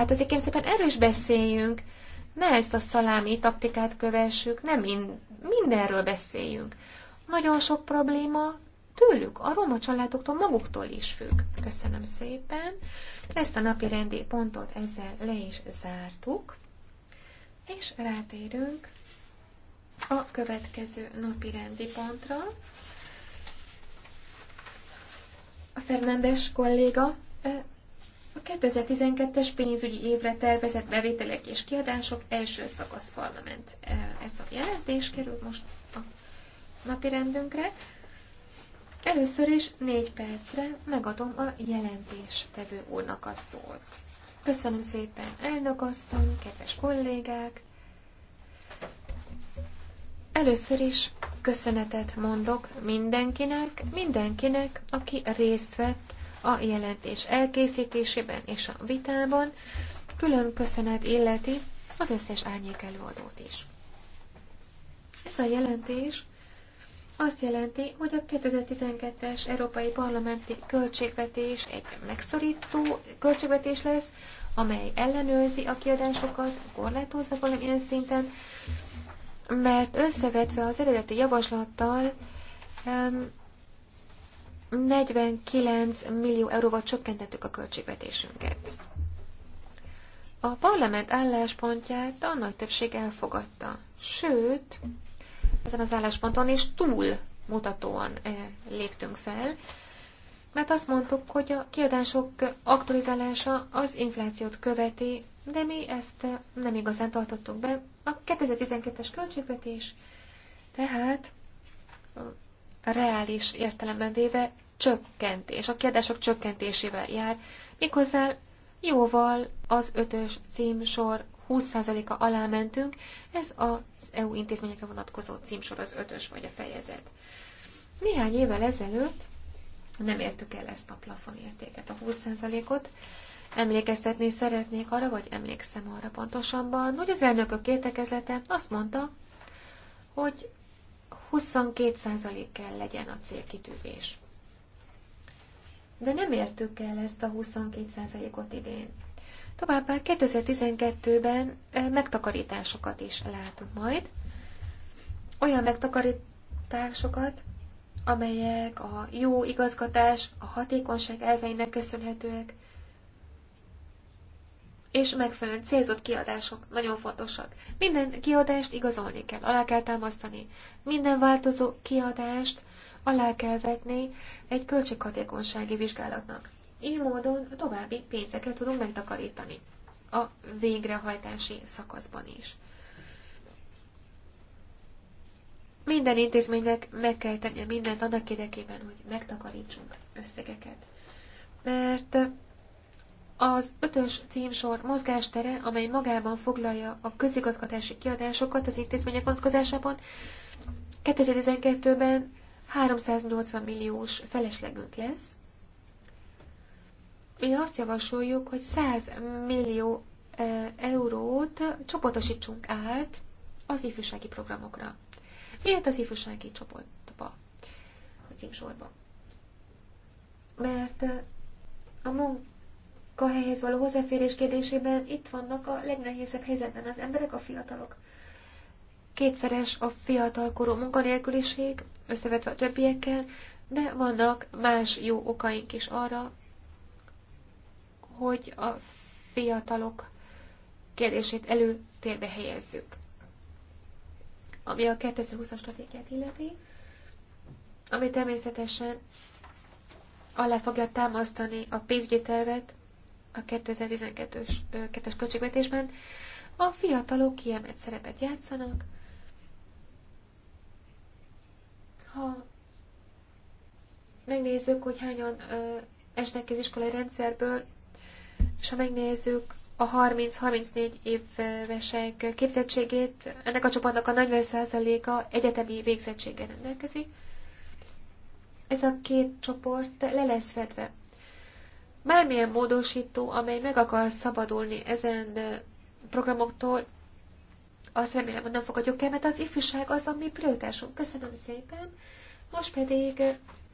Hát azért kérem szépen erős beszéljünk. Ne ezt a szalámi taktikát kövessük, nem mind, mindenről beszéljünk. Nagyon sok probléma tőlük, a roma családoktól maguktól is függ. Köszönöm szépen. Ezt a napi rendi pontot ezzel le is zártuk, és rátérünk a következő napi rendi pontra. A Fernandes kolléga a 2012-es pénzügyi évre tervezett bevételek és kiadások első szakasz parlament. Ez a jelentés kerül most a napi rendünkre. Először is négy percre megadom a tevő úrnak a szót. Köszönöm szépen, elnök asszony, kedves kollégák! Először is köszönetet mondok mindenkinek, mindenkinek, aki részt vett a jelentés elkészítésében és a vitában. Külön köszönet illeti az összes árnyék előadót is. Ez a jelentés azt jelenti, hogy a 2012-es Európai Parlamenti Költségvetés egy megszorító költségvetés lesz, amely ellenőrzi a kiadásokat, korlátozza valamilyen szinten, mert összevetve az eredeti javaslattal 49 millió euróval csökkentettük a költségvetésünket. A parlament álláspontját a nagy többség elfogadta. Sőt, ezen az állásponton is túl mutatóan eh, léptünk fel, mert azt mondtuk, hogy a kiadások aktualizálása az inflációt követi, de mi ezt eh, nem igazán tartottuk be. A 2012-es költségvetés tehát reális értelemben véve csökkentés, a kiadások csökkentésével jár, méghozzá jóval az ötös címsor 20%-a alá mentünk, ez az EU intézményekre vonatkozó címsor az ötös vagy a fejezet. Néhány évvel ezelőtt nem értük el ezt a plafonértéket, a 20%-ot. Emlékeztetni szeretnék arra, vagy emlékszem arra pontosabban, hogy az elnökök értekezlete azt mondta, hogy 22% kell legyen a célkitűzés. De nem értük el ezt a 22%-ot idén. Továbbá 2012-ben eh, megtakarításokat is látunk majd. Olyan megtakarításokat, amelyek a jó igazgatás, a hatékonyság elveinek köszönhetőek, és megfelelően célzott kiadások nagyon fontosak. Minden kiadást igazolni kell, alá kell támasztani. Minden változó kiadást alá kell vetni egy költséghatékonysági vizsgálatnak. Így módon további pénzeket tudunk megtakarítani a végrehajtási szakaszban is. Minden intézménynek meg kell tennie mindent annak érdekében, hogy megtakarítsunk összegeket. Mert az ötös címsor mozgástere, amely magában foglalja a közigazgatási kiadásokat az intézmények vonatkozásában, 2012-ben 380 milliós feleslegünk lesz. Mi azt javasoljuk, hogy 100 millió e, eurót csoportosítsunk át az ifjúsági programokra. Miért az ifjúsági csoportba? A címsorba. Mert e, a munk munkahelyhez való hozzáférés kérdésében itt vannak a legnehézebb helyzetben az emberek, a fiatalok. Kétszeres a fiatalkorú munkanélküliség, összevetve a többiekkel, de vannak más jó okaink is arra, hogy a fiatalok kérdését előtérbe helyezzük. Ami a 2020-as stratégiát illeti, ami természetesen alá fogja támasztani a pénzügyi tervet, a 2012-es költségvetésben, a fiatalok kiemelt szerepet játszanak. Ha megnézzük, hogy hányan ö, esnek ki az iskolai rendszerből, és ha megnézzük a 30-34 évesek képzettségét, ennek a csoportnak a 40%-a egyetemi végzettséggel rendelkezik. Ez a két csoport le lesz vedve bármilyen módosító, amely meg akar szabadulni ezen programoktól, azt remélem, hogy nem fogadjuk el, mert az ifjúság az a mi prioritásunk. Köszönöm szépen. Most pedig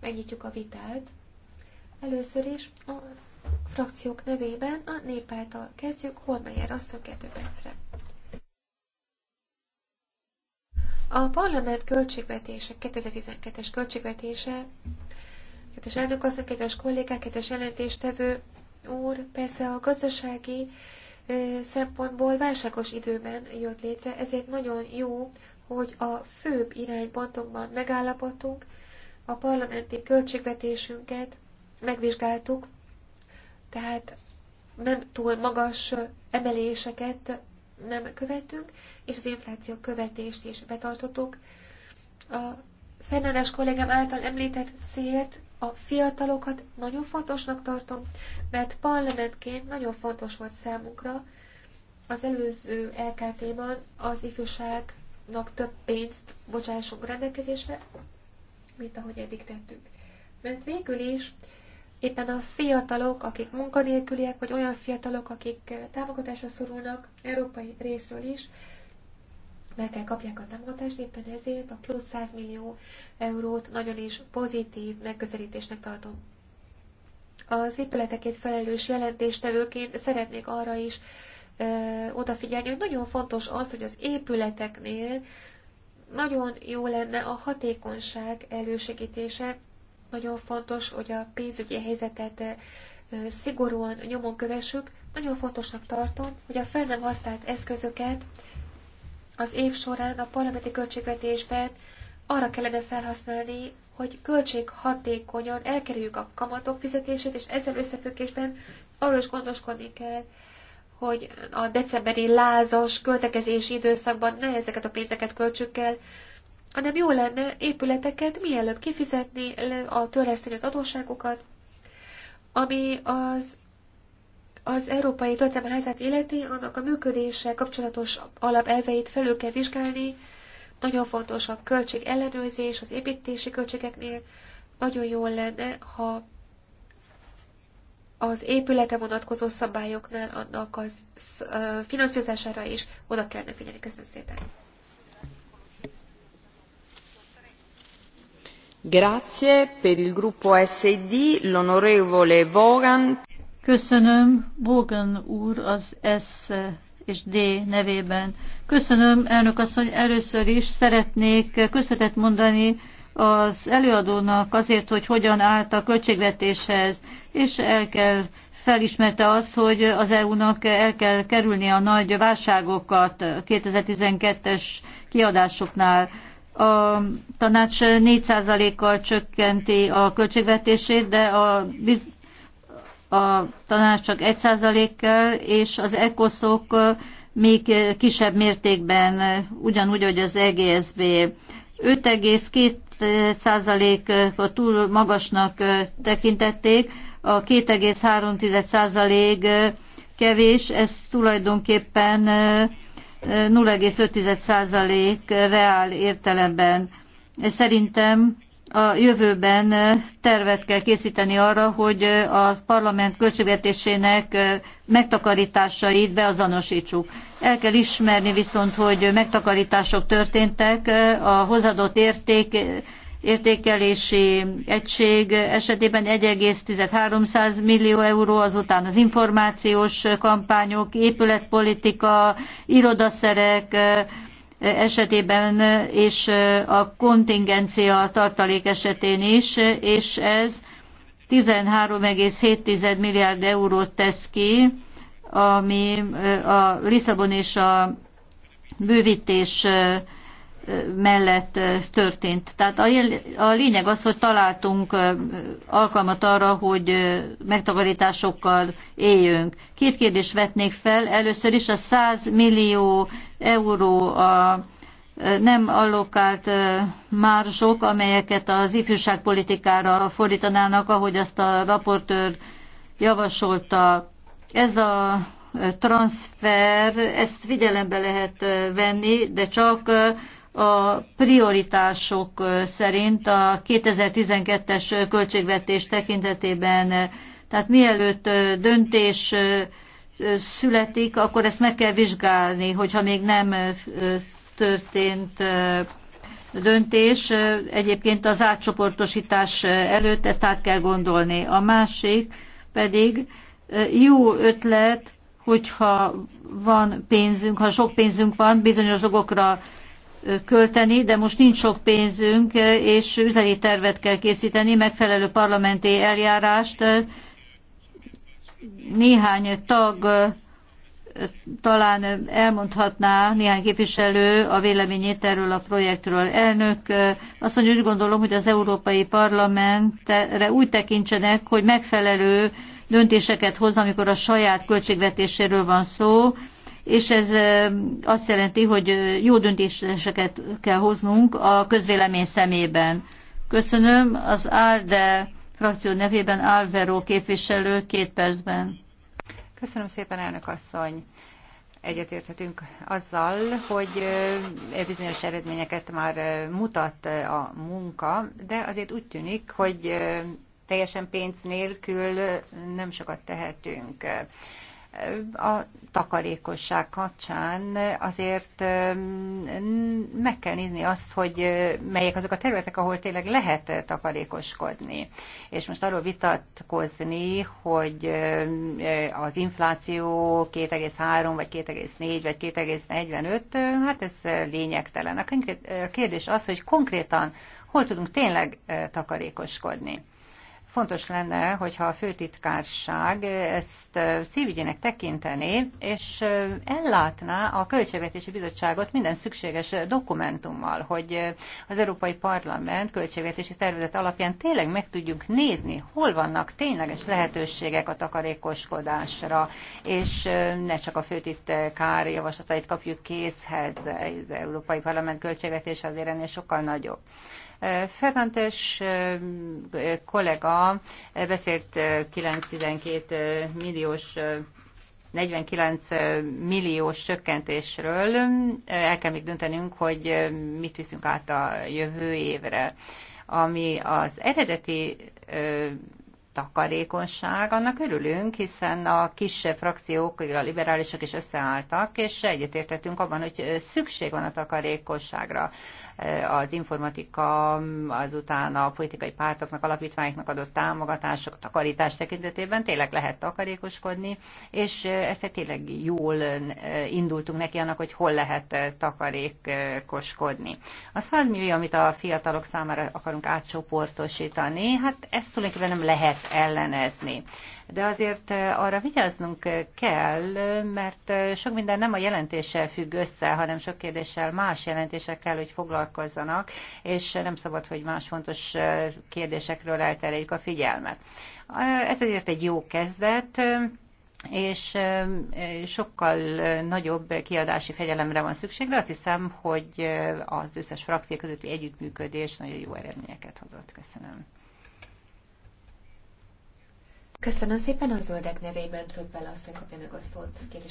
megnyitjuk a vitát. Először is a frakciók nevében a néppártal kezdjük. Holmeyer asszony 2 percre. A parlament költségvetése, 2012-es költségvetése Kedves elnök kedves kollégák, kedves jelentéstevő úr, persze a gazdasági szempontból válságos időben jött létre, ezért nagyon jó, hogy a főbb iránypontokban megállapodtunk, a parlamenti költségvetésünket megvizsgáltuk, tehát nem túl magas emeléseket nem követünk, és az infláció követést is betartottuk. A fennállás kollégám által említett célt a fiatalokat nagyon fontosnak tartom, mert parlamentként nagyon fontos volt számunkra az előző LKT-ban az ifjúságnak több pénzt bocsássunk rendelkezésre, mint ahogy eddig tettük. Mert végül is éppen a fiatalok, akik munkanélküliek, vagy olyan fiatalok, akik támogatásra szorulnak, európai részről is, meg kell kapják a támogatást, éppen ezért a plusz 100 millió eurót nagyon is pozitív megközelítésnek tartom. Az épületekért felelős jelentéstevőként szeretnék arra is ö, odafigyelni, hogy nagyon fontos az, hogy az épületeknél nagyon jó lenne a hatékonyság elősegítése, nagyon fontos, hogy a pénzügyi helyzetet szigorúan nyomon kövessük. Nagyon fontosnak tartom, hogy a fel nem használt eszközöket az év során a parlamenti költségvetésben arra kellene felhasználni, hogy költséghatékonyan elkerüljük a kamatok fizetését, és ezzel összefüggésben arról is gondoskodni kell, hogy a decemberi lázas költekezési időszakban ne ezeket a pénzeket költsük el, hanem jó lenne épületeket mielőbb kifizetni, a törleszteni az adósságokat, ami az az Európai Történelmi Házát illeti, annak a működése kapcsolatos alapelveit felül kell vizsgálni. Nagyon fontos a költség ellenőrzés az építési költségeknél. Nagyon jól lenne, ha az épülete vonatkozó szabályoknál annak a finanszírozására is oda kellene figyelni. Köszönöm szépen! Grazie per il gruppo SD e l'onorevole Vaughan Köszönöm, Bogan úr, az S és D nevében. Köszönöm, elnök asszony, először is szeretnék köszönetet mondani az előadónak azért, hogy hogyan állt a költségvetéshez, és el kell felismerte az hogy az EU-nak el kell kerülni a nagy válságokat 2012-es kiadásoknál. A tanács 4%-kal csökkenti a költségvetését, de a a tanács csak 1%-kal, és az ECOSZ-ok még kisebb mértékben, ugyanúgy, hogy az e EGSB. 5,2%-ot túl magasnak tekintették, a 2,3% kevés, ez tulajdonképpen 0,5% reál értelemben. Szerintem a jövőben tervet kell készíteni arra, hogy a parlament költségvetésének megtakarításait beazonosítsuk. El kell ismerni viszont, hogy megtakarítások történtek, a hozadott érték értékelési egység esetében 1,13 millió euró, azután az információs kampányok, épületpolitika, irodaszerek, esetében és a kontingencia tartalék esetén is, és ez 13,7 milliárd eurót tesz ki, ami a Lisszabon és a bővítés mellett történt. Tehát a lényeg az, hogy találtunk alkalmat arra, hogy megtakarításokkal éljünk. Két kérdést vetnék fel. Először is a 100 millió euró a nem allokált mársok, amelyeket az ifjúságpolitikára fordítanának, ahogy azt a raportőr javasolta. Ez a transfer, ezt figyelembe lehet venni, de csak a prioritások szerint a 2012-es költségvetés tekintetében. Tehát mielőtt döntés születik, akkor ezt meg kell vizsgálni, hogyha még nem történt döntés. Egyébként az átcsoportosítás előtt ezt át kell gondolni. A másik pedig jó ötlet, hogyha van pénzünk, ha sok pénzünk van, bizonyos dolgokra költeni, de most nincs sok pénzünk, és üzleti tervet kell készíteni, megfelelő parlamenti eljárást. Néhány tag talán elmondhatná néhány képviselő a véleményét erről a projektről. Elnök, azt mondja, úgy gondolom, hogy az Európai Parlamentre úgy tekintsenek, hogy megfelelő döntéseket hoz, amikor a saját költségvetéséről van szó, és ez azt jelenti, hogy jó döntéseket kell hoznunk a közvélemény szemében. Köszönöm az ALDE frakció nevében Álveró képviselő két percben. Köszönöm szépen, elnök asszony egyetérthetünk azzal, hogy bizonyos eredményeket már mutat a munka, de azért úgy tűnik, hogy teljesen pénz nélkül nem sokat tehetünk a takarékosság kapcsán azért meg kell nézni azt, hogy melyek azok a területek, ahol tényleg lehet takarékoskodni. És most arról vitatkozni, hogy az infláció 2,3 vagy 2,4 vagy 2,45, hát ez lényegtelen. A kérdés az, hogy konkrétan hol tudunk tényleg takarékoskodni. Fontos lenne, hogyha a főtitkárság ezt szívügyének tekinteni, és ellátná a Költségvetési Bizottságot minden szükséges dokumentummal, hogy az Európai Parlament költségvetési tervezet alapján tényleg meg tudjuk nézni, hol vannak tényleges lehetőségek a takarékoskodásra, és ne csak a főtitkár javaslatait kapjuk készhez, az Európai Parlament költségvetése azért ennél sokkal nagyobb. Ferrantes kollega beszélt 9-12 milliós 49 milliós csökkentésről. El kell még döntenünk, hogy mit viszünk át a jövő évre. Ami az eredeti takarékonyság, annak örülünk, hiszen a kisebb frakciók, a liberálisok is összeálltak, és egyetértettünk abban, hogy szükség van a takarékosságra az informatika, azután a politikai pártoknak, alapítványoknak adott támogatások, takarítás tekintetében tényleg lehet takarékoskodni, és ezt tényleg jól eh, indultunk neki annak, hogy hol lehet eh, takarékoskodni. A 100 millió, amit a fiatalok számára akarunk átcsoportosítani, hát ezt tulajdonképpen nem lehet ellenezni de azért eh, arra vigyáznunk eh, kell, mert eh, sok minden nem a jelentéssel függ össze, hanem sok kérdéssel más jelentésekkel, hogy foglalkozzanak, és nem szabad, hogy más fontos kérdésekről eltereljük a figyelmet. Ez azért egy jó kezdet, és sokkal nagyobb kiadási fegyelemre van szükség, de azt hiszem, hogy az összes frakció közötti együttműködés nagyon jó eredményeket hozott. Köszönöm. Köszönöm szépen a zöldek nevében, Trüppel asszony kapja meg a szót két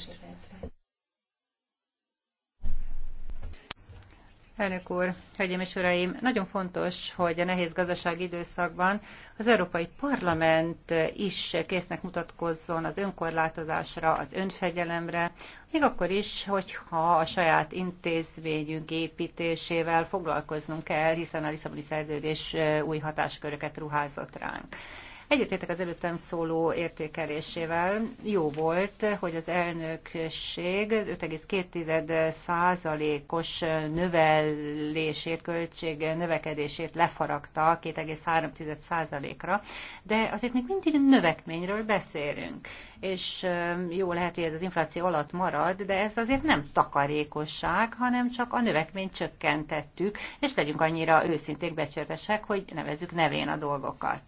Elnök úr, hölgyeim és uraim, nagyon fontos, hogy a nehéz gazdasági időszakban az Európai Parlament is késznek mutatkozzon az önkorlátozásra, az önfegyelemre, még akkor is, hogyha a saját intézményünk építésével foglalkoznunk kell, hiszen a Lisszaboni szerződés új hatásköröket ruházott ránk. Egyetértek az előttem szóló értékelésével. Jó volt, hogy az elnökség 5,2 százalékos növelését, költség növekedését lefaragta 2,3 százalékra, de azért még mindig növekményről beszélünk. És jó lehet, hogy ez az infláció alatt marad, de ez azért nem takarékosság, hanem csak a növekményt csökkentettük, és legyünk annyira őszinték becsületesek, hogy nevezzük nevén a dolgokat.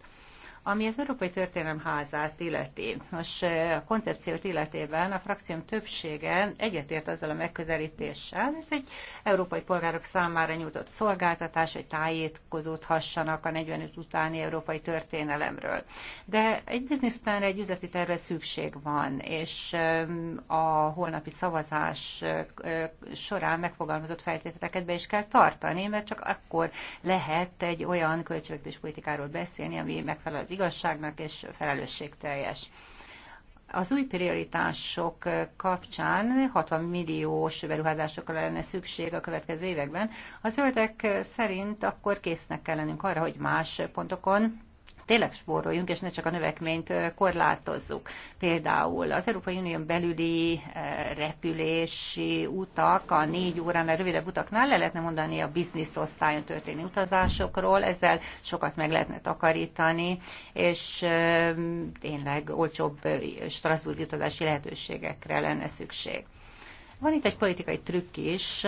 Ami az Európai Történelem házát illeti, most a koncepciót illetében a frakcióm többsége egyetért azzal a megközelítéssel, ez egy európai polgárok számára nyújtott szolgáltatás, hogy tájékozódhassanak a 45 utáni európai történelemről. De egy bizniszplára, egy üzleti terve szükség van, és a holnapi szavazás során megfogalmazott feltételeket be is kell tartani, mert csak akkor lehet egy olyan költségvetéspolitikáról beszélni, ami megfelel az igazságnak és felelősségteljes. Az új prioritások kapcsán 60 milliós beruházásokra lenne szükség a következő években. A zöldek szerint akkor késznek kell lennünk arra, hogy más pontokon tényleg spóroljunk, és ne csak a növekményt korlátozzuk. Például az Európai Unión belüli repülési utak, a négy óránál rövidebb utaknál le lehetne mondani a biznisz osztályon történő utazásokról, ezzel sokat meg lehetne takarítani, és tényleg olcsóbb Strasbourg utazási lehetőségekre lenne szükség. Van itt egy politikai trükk is,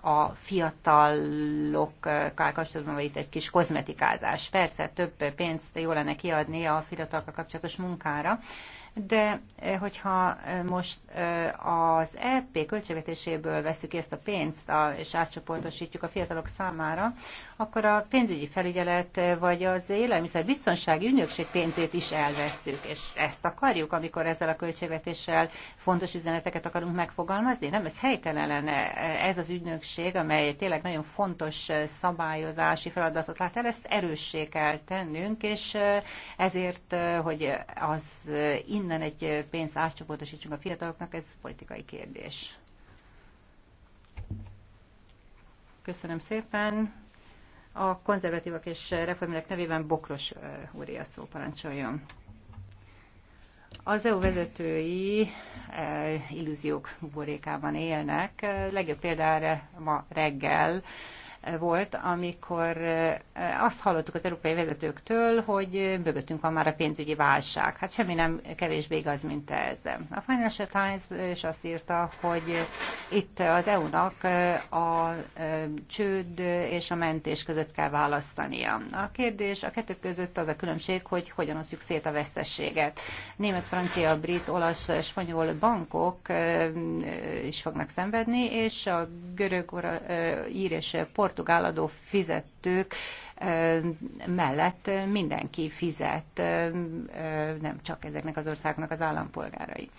a fiatalokkal kapcsolatban, vagy itt egy kis kozmetikázás. Persze több pénzt jó lenne kiadni a fiatalokkal kapcsolatos munkára, de eh, hogyha eh, most eh, az EP költségvetéséből veszük ezt a pénzt és átcsoportosítjuk a fiatalok számára, akkor a pénzügyi felügyelet vagy az élelmiszerbiztonsági ügynökség pénzét is elveszük, és ezt akarjuk, amikor ezzel a költségvetéssel fontos üzeneteket akarunk megfogalmazni? Nem, ez helytelen lenne. Ez az ügynökség, amely tényleg nagyon fontos szabályozási feladatot lát el, ezt erőssé kell tennünk, és ezért, hogy az innen egy pénzt átcsoportosítsunk a fiataloknak, ez politikai kérdés. Köszönöm szépen. A konzervatívak és reformerek nevében Bokros úr a szó parancsoljon. Az EU vezetői illúziók buborékában élnek. Legjobb példára ma reggel volt, amikor eh, azt hallottuk az európai vezetőktől, hogy mögöttünk van már a pénzügyi válság. Hát semmi nem kevésbé igaz, mint ez. A Financial Times is azt írta, hogy itt az EU-nak eh, a eh, csőd és a mentés között kell választania. A kérdés a kettő között az a különbség, hogy hogyan osztjuk szét a vesztességet. Német, francia, brit, olasz, spanyol bankok is fognak szenvedni, és a görög, ír és port portugál fizetők mellett mindenki fizet, nem csak ezeknek az országnak az állampolgárai.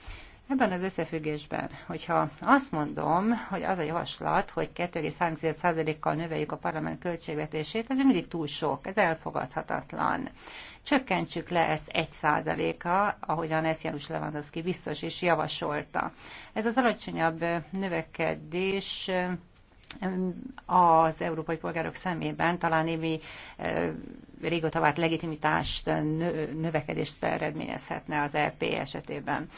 Ebben az összefüggésben, hogyha azt mondom, hogy az a javaslat, hogy 2,3%-kal növeljük a parlament költségvetését, ez mindig túl sok, ez elfogadhatatlan. Csökkentsük le ezt 1%-a, ahogyan ezt Janusz Lewandowski biztos is javasolta. Ez az alacsonyabb növekedés az európai polgárok szemében talán némi régóta várt legitimitást, növekedést eredményezhetne az EP esetében.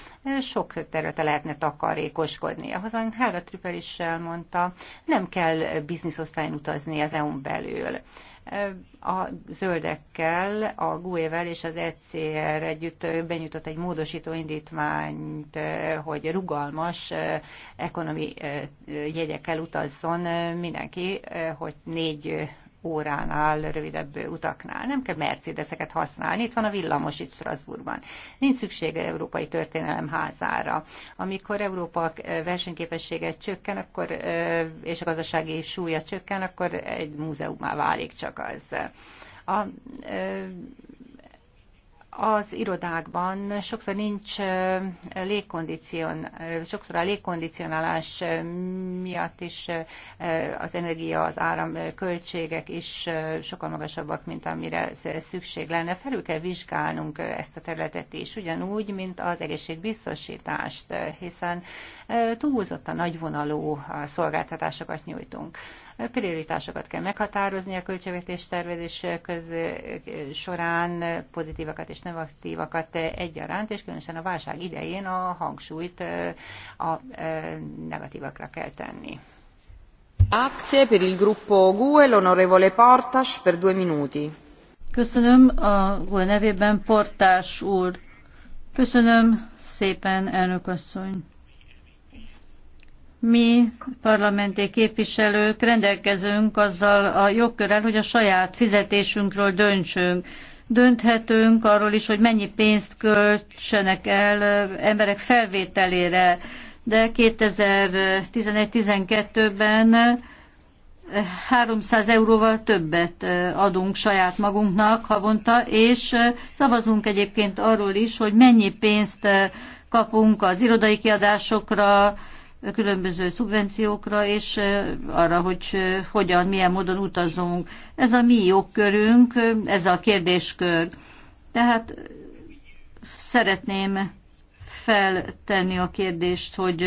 Sok területe lehetne takarékoskodni. a Helga Trüppel is elmondta, nem kell bizniszosztályon utazni az EU-n belül a zöldekkel, a GUE-vel és az ECR együtt benyújtott egy módosító indítványt, hogy rugalmas eh, ekonomi eh, jegyekkel utazzon eh, mindenki, hogy négy óránál, rövidebb utaknál. Nem kell Mercedeseket használni, itt van a villamos itt Strasbourgban. Nincs szükség Európai Történelem házára. Amikor Európa eh, versenyképessége csökken, akkor, eh, és a gazdasági súlya csökken, akkor egy múzeumá válik csak az. A eh, az irodákban sokszor nincs légkondicion, sokszor a légkondicionálás miatt is az energia, az áram költségek is sokkal magasabbak, mint amire szükség lenne. Felül kell vizsgálnunk ezt a területet is, ugyanúgy, mint az egészségbiztosítást, hiszen túlzottan nagyvonalú szolgáltatásokat nyújtunk. Prioritásokat kell meghatározni a költségvetés tervezés köz, során, pozitívakat és negatívakat egyaránt, és különösen a válság idején a hangsúlyt a negatívakra kell tenni. Grazie per il gruppo GUE, l'onorevole Portas per due minuti. Köszönöm a GUE nevében Portás úr. Köszönöm szépen, elnök asszony mi parlamenti képviselők rendelkezünk azzal a jogkörrel, hogy a saját fizetésünkről döntsünk. Dönthetünk arról is, hogy mennyi pénzt költsenek el emberek felvételére, de 2011-12-ben 300 euróval többet adunk saját magunknak havonta, és szavazunk egyébként arról is, hogy mennyi pénzt kapunk az irodai kiadásokra, különböző szubvenciókra, és arra, hogy hogyan, milyen módon utazunk. Ez a mi jogkörünk, ez a kérdéskör. Tehát szeretném feltenni a kérdést, hogy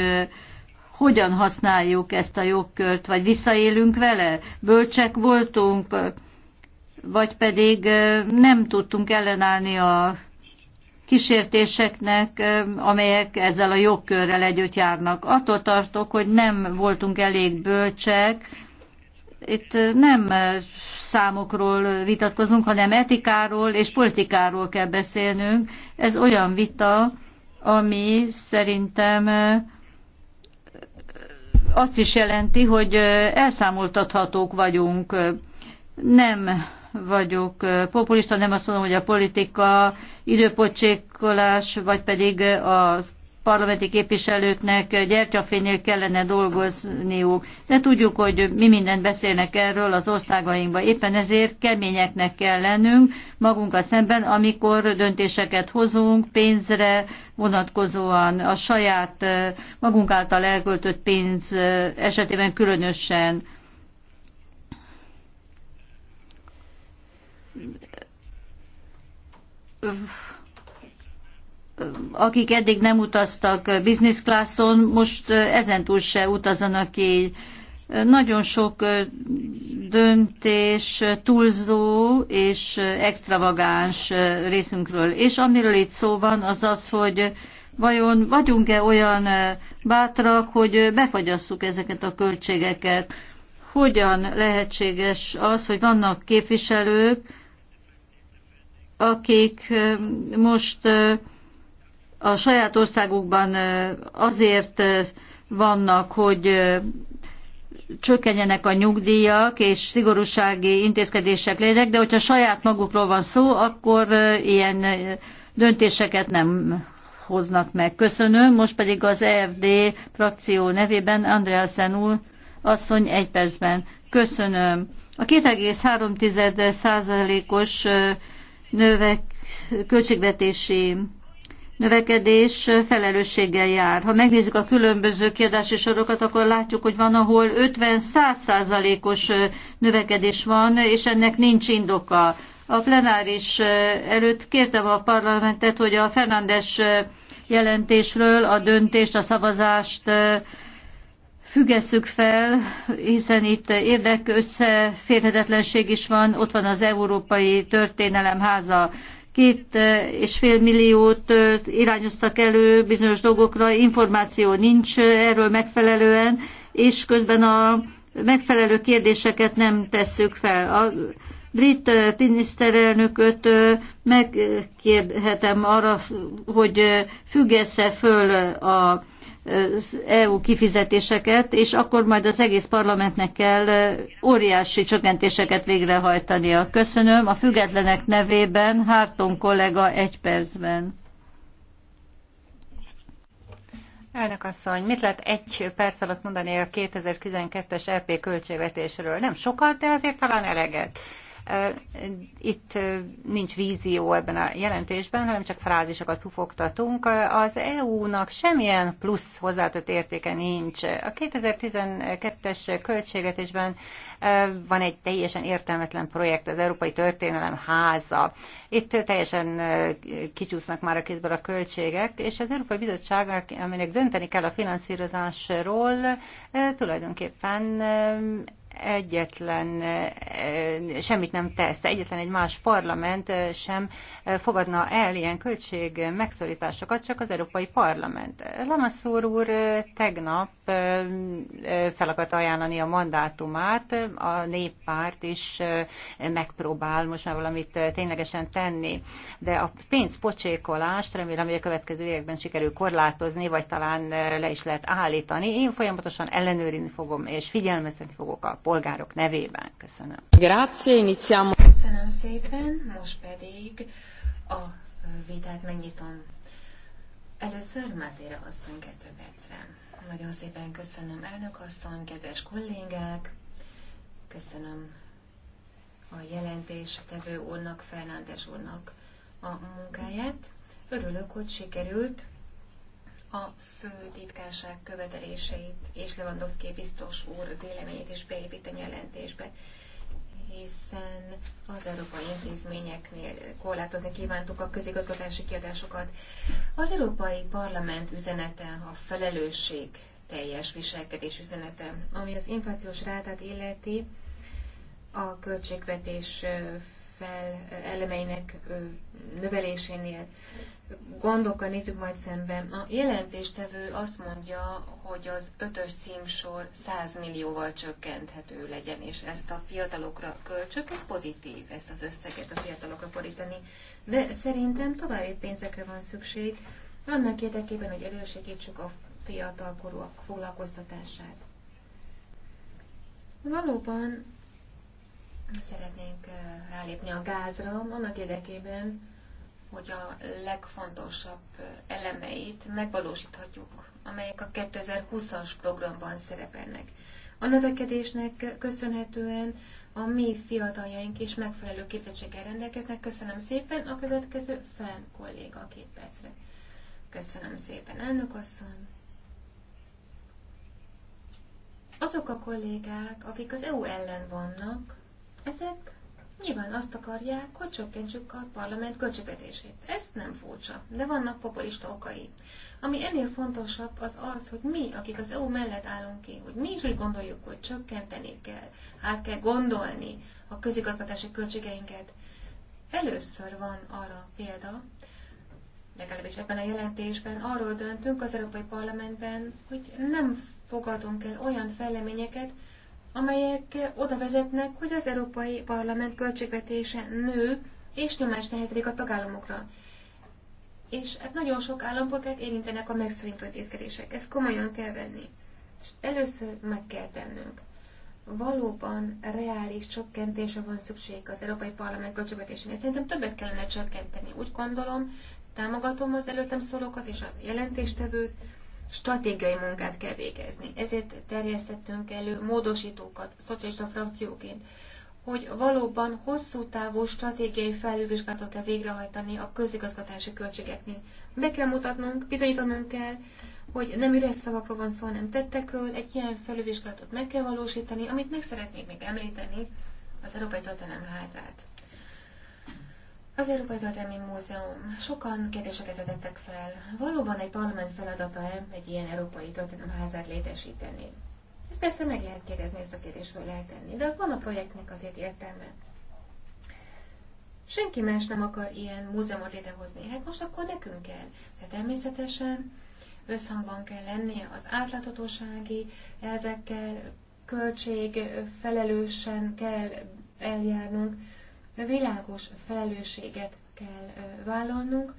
hogyan használjuk ezt a jogkört, vagy visszaélünk vele, bölcsek voltunk, vagy pedig nem tudtunk ellenállni a kísértéseknek, amelyek ezzel a jogkörrel együtt járnak. Attól tartok, hogy nem voltunk elég bölcsek, itt nem számokról vitatkozunk, hanem etikáról és politikáról kell beszélnünk. Ez olyan vita, ami szerintem azt is jelenti, hogy elszámoltathatók vagyunk. Nem vagyok populista, nem azt mondom, hogy a politika időpocsékolás, vagy pedig a parlamenti képviselőknek gyertyafénél kellene dolgozniuk. De tudjuk, hogy mi mindent beszélnek erről az országainkban. Éppen ezért keményeknek kell lennünk magunkkal szemben, amikor döntéseket hozunk pénzre vonatkozóan, a saját magunk által elköltött pénz esetében különösen akik eddig nem utaztak business classon, most ezentúl se utazanak így. Nagyon sok döntés túlzó és extravagáns részünkről. És amiről itt szó van, az az, hogy vajon vagyunk-e olyan bátrak, hogy befagyasszuk ezeket a költségeket. Hogyan lehetséges az, hogy vannak képviselők, akik most a saját országukban azért vannak, hogy csökkenjenek a nyugdíjak és szigorúsági intézkedések legyenek, de hogyha saját magukról van szó, akkor ilyen döntéseket nem hoznak meg. Köszönöm, most pedig az EFD frakció nevében Andrea úr asszony egy percben. Köszönöm. A 2,3 százalékos növek, költségvetési növekedés felelősséggel jár. Ha megnézzük a különböző kiadási sorokat, akkor látjuk, hogy van, ahol 50-100%-os növekedés van, és ennek nincs indoka. A plenáris előtt kértem a parlamentet, hogy a Fernandes jelentésről a döntést, a szavazást függesszük fel, hiszen itt érdek összeférhetetlenség is van, ott van az Európai Történelem háza, két eh, és fél milliót eh, irányoztak elő bizonyos dolgokra, információ nincs eh, erről megfelelően, és közben a megfelelő kérdéseket nem tesszük fel. A brit miniszterelnököt megkérhetem arra, hogy függesse föl a az EU kifizetéseket, és akkor majd az egész parlamentnek kell óriási csökkentéseket végrehajtania. Köszönöm. A függetlenek nevében Hárton kollega egy percben. Elnök asszony, mit lehet egy perc alatt mondani a 2012-es EP költségvetésről? Nem sokat, de azért talán eleget. Itt nincs vízió ebben a jelentésben, hanem csak frázisokat pufogtatunk. Az EU-nak semmilyen plusz hozzáadott értéke nincs. A 2012-es költségetésben van egy teljesen értelmetlen projekt, az Európai Történelem Háza. Itt teljesen kicsúsznak már a kézből a költségek, és az Európai Bizottság, aminek dönteni kell a finanszírozásról, tulajdonképpen egyetlen eh, eh, semmit nem tesz, egyetlen egy más parlament eh, sem fogadna el ilyen költség megszorításokat, csak az Európai Parlament. Lamassur úr tegnap fel akart ajánlani a mandátumát, a néppárt is megpróbál most már valamit ténylegesen tenni. De a pénzpocsékolást remélem, hogy a következő években sikerül korlátozni, vagy talán le is lehet állítani. Én folyamatosan ellenőrizni fogom, és figyelmeztetni fogok a polgárok nevében. Köszönöm. Grazie, iniziamo. Köszönöm szépen, most pedig a vitát megnyitom. Először Mátéra asszony kettő percre. Nagyon szépen köszönöm, elnök asszony, kedves kollégák, köszönöm a jelentés tevő úrnak, Fernándes úrnak a munkáját. Örülök, hogy sikerült a fő titkárság követeléseit és Lewandowski biztos úr véleményét is beépíteni jelentésbe hiszen az európai intézményeknél korlátozni kívántuk a közigazgatási kiadásokat. Az Európai Parlament üzenete a felelősség teljes viselkedés üzenete, ami az inflációs rátát illeti, a költségvetés fel elemeinek növelésénél gondokkal nézzük majd szembe. A jelentéstevő azt mondja, hogy az ötös címsor 100 millióval csökkenthető legyen, és ezt a fiatalokra költsök, ez pozitív, ezt az összeget a fiatalokra fordítani. De szerintem további pénzekre van szükség, annak érdekében, hogy elősegítsük a fiatalkorúak foglalkoztatását. Valóban szeretnénk eh, rálépni a gázra, annak érdekében, hogy a legfontosabb elemeit megvalósíthatjuk, amelyek a 2020-as programban szerepelnek. A növekedésnek köszönhetően a mi fiataljaink is megfelelő képzettséggel rendelkeznek. Köszönöm szépen a következő Fenn kolléga két percre. Köszönöm szépen, elnök asszony. Azok a kollégák, akik az EU ellen vannak, ezek Nyilván azt akarják, hogy csökkentsük a parlament költségvetését. Ez nem furcsa, de vannak populista okai. Ami ennél fontosabb az az, hogy mi, akik az EU mellett állunk ki, hogy mi is úgy gondoljuk, hogy csökkenteni kell, hát kell gondolni a közigazgatási költségeinket. Először van arra példa, legalábbis ebben a jelentésben arról döntünk az Európai Parlamentben, hogy nem fogadunk el olyan fejleményeket, amelyek oda vezetnek, hogy az Európai Parlament költségvetése nő, és nyomás nehezedik a tagállamokra. És hát nagyon sok állampolgárt érintenek a megszorító intézkedések. Ezt komolyan kell venni. És először meg kell tennünk. Valóban reális csökkentésre van szükség az Európai Parlament költségvetésén. Szerintem többet kellene csökkenteni. Úgy gondolom, támogatom az előttem szólókat és az jelentéstevőt, stratégiai munkát kell végezni. Ezért terjesztettünk elő módosítókat szocialista frakcióként, hogy valóban hosszú távú stratégiai felülvizsgálatot kell végrehajtani a közigazgatási költségeknél. Be kell mutatnunk, bizonyítanunk kell, hogy nem üres szavakról van szó, hanem tettekről, egy ilyen felülvizsgálatot meg kell valósítani, amit meg szeretnék még említeni, az Európai Történelem házát. Az Európai Történelmi Múzeum. Sokan kérdéseket vetettek fel. Valóban egy parlament feladata-e egy ilyen európai történelemházát létesíteni? Ezt persze meg lehet kérdezni, ezt a kérdésről lehet tenni, de van a projektnek azért értelme. Senki más nem akar ilyen múzeumot létrehozni. Hát most akkor nekünk kell. De természetesen összhangban kell lennie az átláthatósági elvekkel, költség felelősen kell eljárnunk világos felelősséget kell vállalnunk.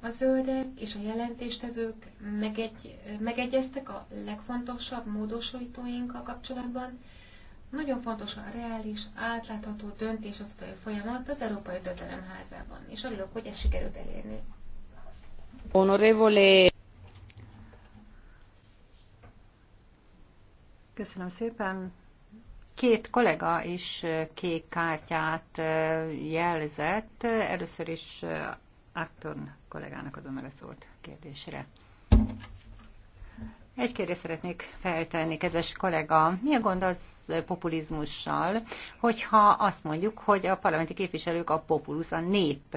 A zöldek és a jelentéstevők megegy, megegyeztek a legfontosabb módosítóinkkal kapcsolatban. Nagyon fontos a reális, átlátható döntéshozatai folyamat az Európai Dötelemházában, és örülök, hogy ezt sikerült elérni. Honorevole. Köszönöm szépen két kollega is kék kártyát jelzett. Először is Acton kollégának adom meg a szót kérdésre. Egy kérdést szeretnék feltenni, kedves kollega. Mi a gond az populizmussal, hogyha azt mondjuk, hogy a parlamenti képviselők a populusz, a nép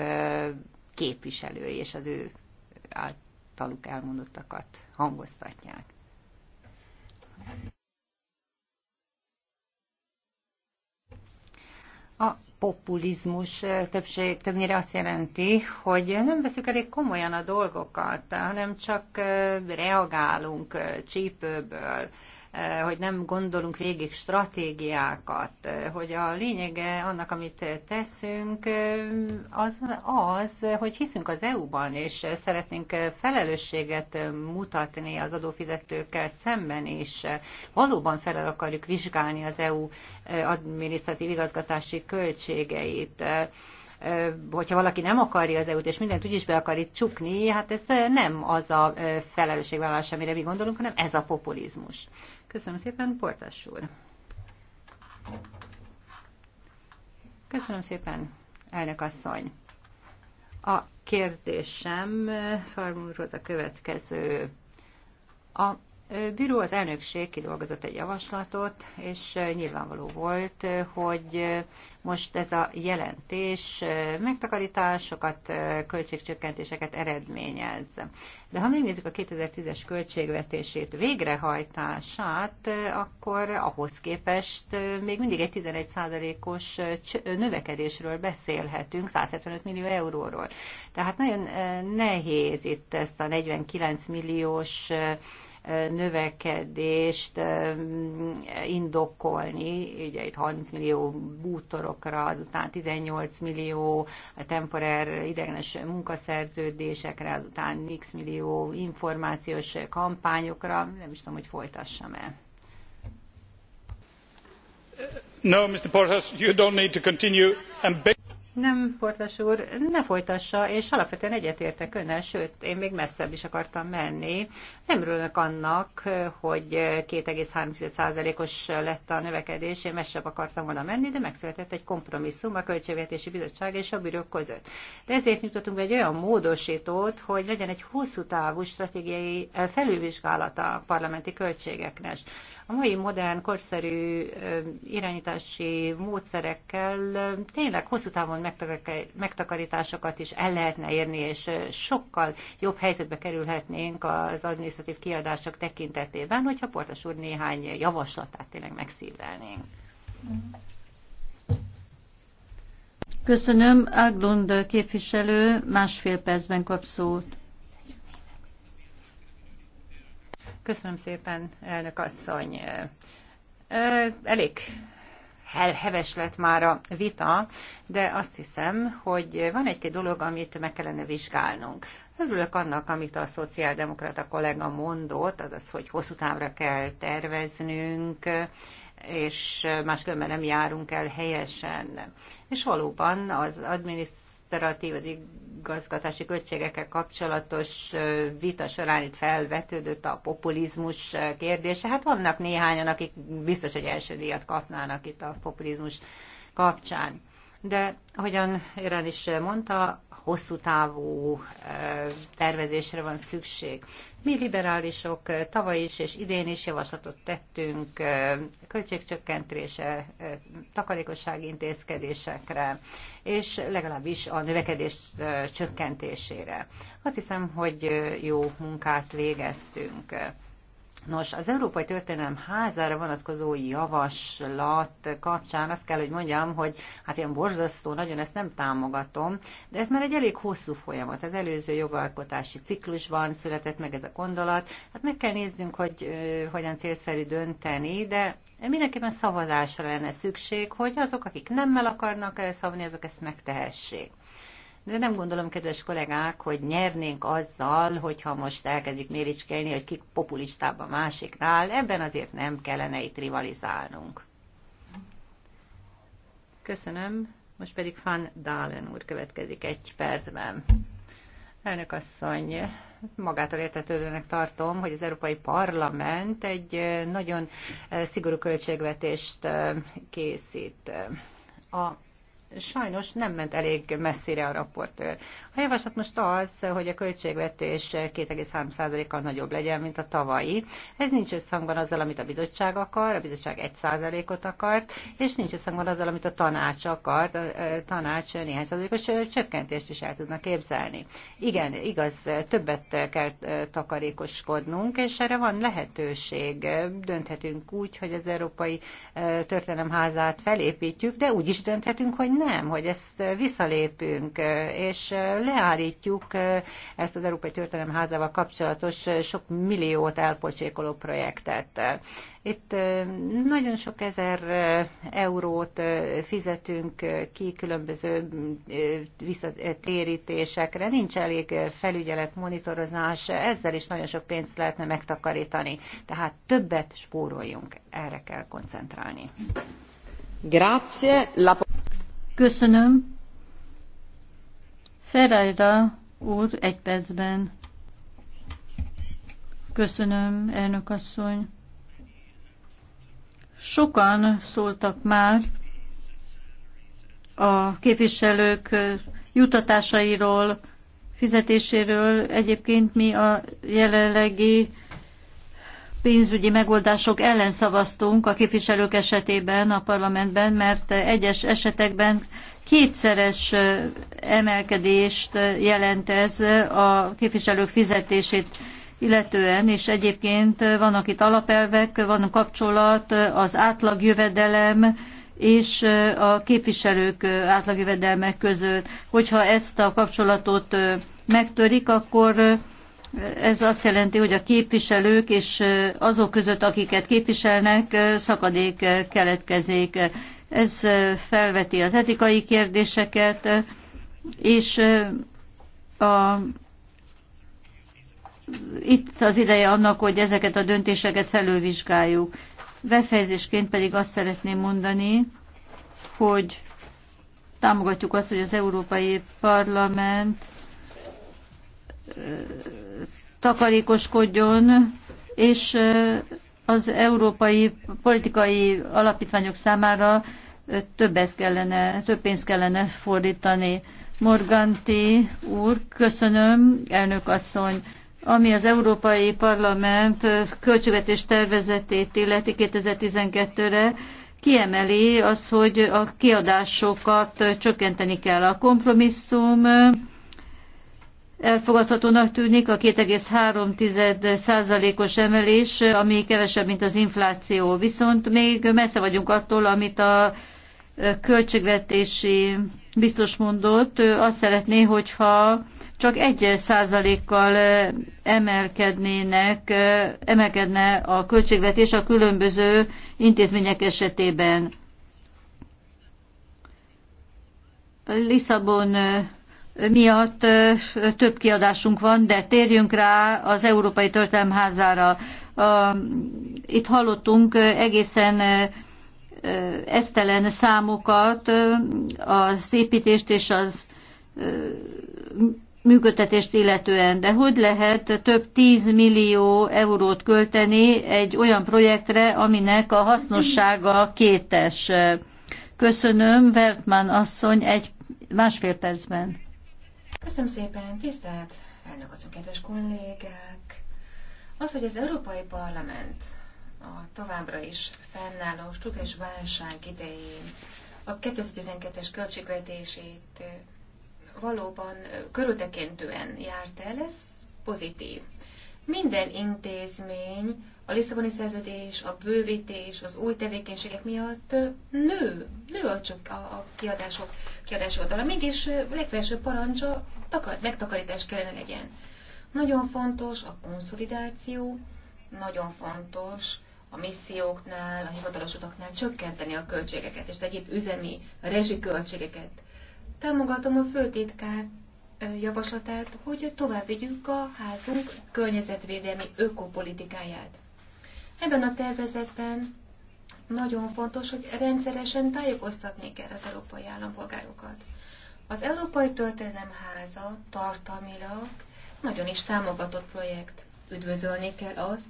képviselői, és az ő általuk elmondottakat hangoztatják? A populizmus többség többnyire azt jelenti, hogy nem veszük elég komolyan a dolgokat, hanem csak reagálunk csípőből Eh, hogy nem gondolunk végig stratégiákat, eh, hogy a lényege annak, amit teszünk, eh, az az, hogy hiszünk az EU-ban, és szeretnénk felelősséget mutatni az adófizetőkkel szemben, és valóban felel akarjuk vizsgálni az EU adminisztratív igazgatási költségeit hogyha valaki nem akarja az EU-t, és mindent úgyis be akar itt csukni, hát ez nem az a felelősségvállalás, amire mi gondolunk, hanem ez a populizmus. Köszönöm szépen, Portás úr. Köszönöm szépen, elnök asszony. A kérdésem eh, Farmúrhoz a következő. A bíró, az elnökség kidolgozott egy javaslatot, és nyilvánvaló volt, hogy most ez a jelentés megtakarításokat, költségcsökkentéseket eredményez. De ha megnézzük a 2010-es költségvetését végrehajtását, akkor ahhoz képest még mindig egy 11%-os növekedésről beszélhetünk, 175 millió euróról. Tehát nagyon nehéz itt ezt a 49 milliós növekedést indokolni, ugye itt 30 millió bútorokra, azután 18 millió temporer idegenes munkaszerződésekre, azután x millió információs kampányokra, nem is tudom, hogy folytassam-e. No, Mr. Portas, you don't need to continue. And... Nem, Portas úr, ne folytassa, és alapvetően egyetértek önnel, sőt, én még messzebb is akartam menni. Nem örülök annak, hogy 2,3%-os lett a növekedés, én messzebb akartam volna menni, de megszületett egy kompromisszum a Költségvetési Bizottság és a bürok között. De ezért nyújtottunk egy olyan módosítót, hogy legyen egy hosszú távú stratégiai eh, felülvizsgálata a parlamenti költségeknek. A mai modern, korszerű irányítási módszerekkel tényleg hosszú távon megtakarításokat is el lehetne érni, és sokkal jobb helyzetbe kerülhetnénk az adminisztratív kiadások tekintetében, hogyha Portas úr néhány javaslatát tényleg megszívlelnénk. Köszönöm. Áglund képviselő másfél percben kap szót. Köszönöm szépen, elnök asszony. Elég heves lett már a vita, de azt hiszem, hogy van egy-két dolog, amit meg kellene vizsgálnunk. Örülök annak, amit a szociáldemokrata kollega mondott, azaz, hogy hosszú távra kell terveznünk, és máskülönben nem járunk el helyesen. És valóban az adminisztráció administratív, az igazgatási költségekkel kapcsolatos vita során itt felvetődött a populizmus kérdése. Hát vannak néhányan, akik biztos, hogy első díjat kapnának itt a populizmus kapcsán. De ahogyan Irán is mondta, hosszú távú tervezésre van szükség. Mi liberálisok tavaly is és idén is javaslatot tettünk költségcsökkentése, takarékossági intézkedésekre, és legalábbis a növekedés csökkentésére. Azt hiszem, hogy jó munkát végeztünk. Nos, az Európai Történelem házára vonatkozó javaslat kapcsán azt kell, hogy mondjam, hogy hát ilyen borzasztó, nagyon ezt nem támogatom, de ez már egy elég hosszú folyamat. Az előző jogalkotási ciklusban született meg ez a gondolat. Hát meg kell néznünk, hogy uh, hogyan célszerű dönteni, de mindenképpen szavazásra lenne szükség, hogy azok, akik nemmel akarnak szavni, azok ezt megtehessék. De nem gondolom, kedves kollégák, hogy nyernénk azzal, hogyha most elkezdjük méricskelni, hogy kik populistább a másiknál. Ebben azért nem kellene itt rivalizálnunk. Köszönöm. Most pedig Van Dalen úr következik egy percben. Elnök asszony, magától értetődőnek tartom, hogy az Európai Parlament egy nagyon szigorú költségvetést készít. A sajnos nem ment elég messzire a raportőr. A javaslat most az, hogy a költségvetés 2,3%-kal nagyobb legyen, mint a tavalyi. Ez nincs összhangban azzal, amit a bizottság akar, a bizottság 1%-ot akart, és nincs összhangban azzal, amit a tanács akart, a tanács néhány százalékos csökkentést is el tudna képzelni. Igen, igaz, többet kell takarékoskodnunk, és erre van lehetőség. Dönthetünk úgy, hogy az Európai Történelemházát felépítjük, de úgy is dönthetünk, hogy nem, hogy ezt visszalépünk, és leállítjuk ezt az Európai Történelem házával kapcsolatos sok milliót elpocsékoló projektet. Itt nagyon sok ezer eurót fizetünk ki különböző visszatérítésekre, nincs elég felügyelet, monitorozás, ezzel is nagyon sok pénzt lehetne megtakarítani. Tehát többet spóroljunk, erre kell koncentrálni. Grazie. La... Köszönöm. Ferreira úr, egy percben. Köszönöm, elnök asszony. Sokan szóltak már a képviselők jutatásairól, fizetéséről. Egyébként mi a jelenlegi pénzügyi megoldások ellen szavaztunk a képviselők esetében a parlamentben, mert egyes esetekben kétszeres emelkedést jelent ez a képviselők fizetését illetően, és egyébként vannak itt alapelvek, van kapcsolat az átlagjövedelem és a képviselők átlagjövedelmek között. Hogyha ezt a kapcsolatot megtörik, akkor ez azt jelenti, hogy a képviselők és azok között, akiket képviselnek, szakadék keletkezik. Ez felveti az etikai kérdéseket, és a, itt az ideje annak, hogy ezeket a döntéseket felülvizsgáljuk. Befejezésként pedig azt szeretném mondani, hogy támogatjuk azt, hogy az Európai Parlament takarékoskodjon, és az európai politikai alapítványok számára többet kellene, több pénzt kellene fordítani. Morganti úr, köszönöm, elnök asszony. Ami az Európai Parlament költségvetés tervezetét illeti 2012-re, kiemeli az, hogy a kiadásokat csökkenteni kell. A kompromisszum elfogadhatónak tűnik a 2,3%-os emelés, ami kevesebb, mint az infláció. Viszont még messze vagyunk attól, amit a költségvetési biztos mondott, ő azt szeretné, hogyha csak egy százalékkal emelkednének, emelkedne a költségvetés a különböző intézmények esetében. Lisszabon miatt több kiadásunk van, de térjünk rá az Európai Történelemházára. Itt hallottunk egészen esztelen számokat, az építést és az működtetést illetően, de hogy lehet több 10 millió eurót költeni egy olyan projektre, aminek a hasznossága kétes. Köszönöm, Vertman asszony, egy másfél percben. Köszönöm szépen, tisztelt elnök asszony, kedves kollégák! Az, hogy az Európai Parlament a továbbra is fennálló struktúrás válság idején a 2012-es költségvetését eh, valóban eh, körültekintően járt el, ez pozitív. Minden intézmény a Lisszaboni szerződés, a bővítés, az új tevékenységek miatt nő, nő a, csak a, a kiadások, kiadás oldala. Mégis legfelső parancsa takar, megtakarítás kellene legyen. Nagyon fontos a konszolidáció, nagyon fontos a misszióknál, a hivatalos utaknál csökkenteni a költségeket, és egyéb üzemi, rezsiköltségeket. Támogatom a főtitkár javaslatát, hogy tovább vigyük a házunk környezetvédelmi ökopolitikáját. Ebben a tervezetben nagyon fontos, hogy rendszeresen tájékoztatni kell az európai állampolgárokat. Az Európai Történelem Háza tartalmilag nagyon is támogatott projekt. Üdvözölni kell azt,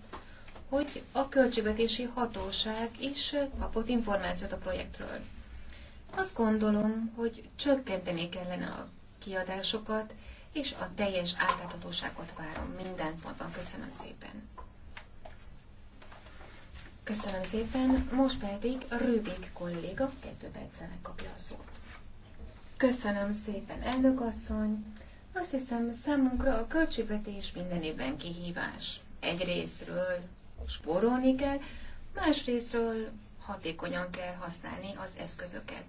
hogy a költségvetési hatóság is kapott információt a projektről. Azt gondolom, hogy csökkenteni kellene a kiadásokat, és a teljes átláthatóságot várom minden pontban. Köszönöm szépen! Köszönöm szépen, most pedig Rübik kolléga kettő percben kapja a szót. Köszönöm szépen, elnök asszony! Azt hiszem, számunkra a költségvetés minden évben kihívás. Egy részről spórolni kell, részről hatékonyan kell használni az eszközöket.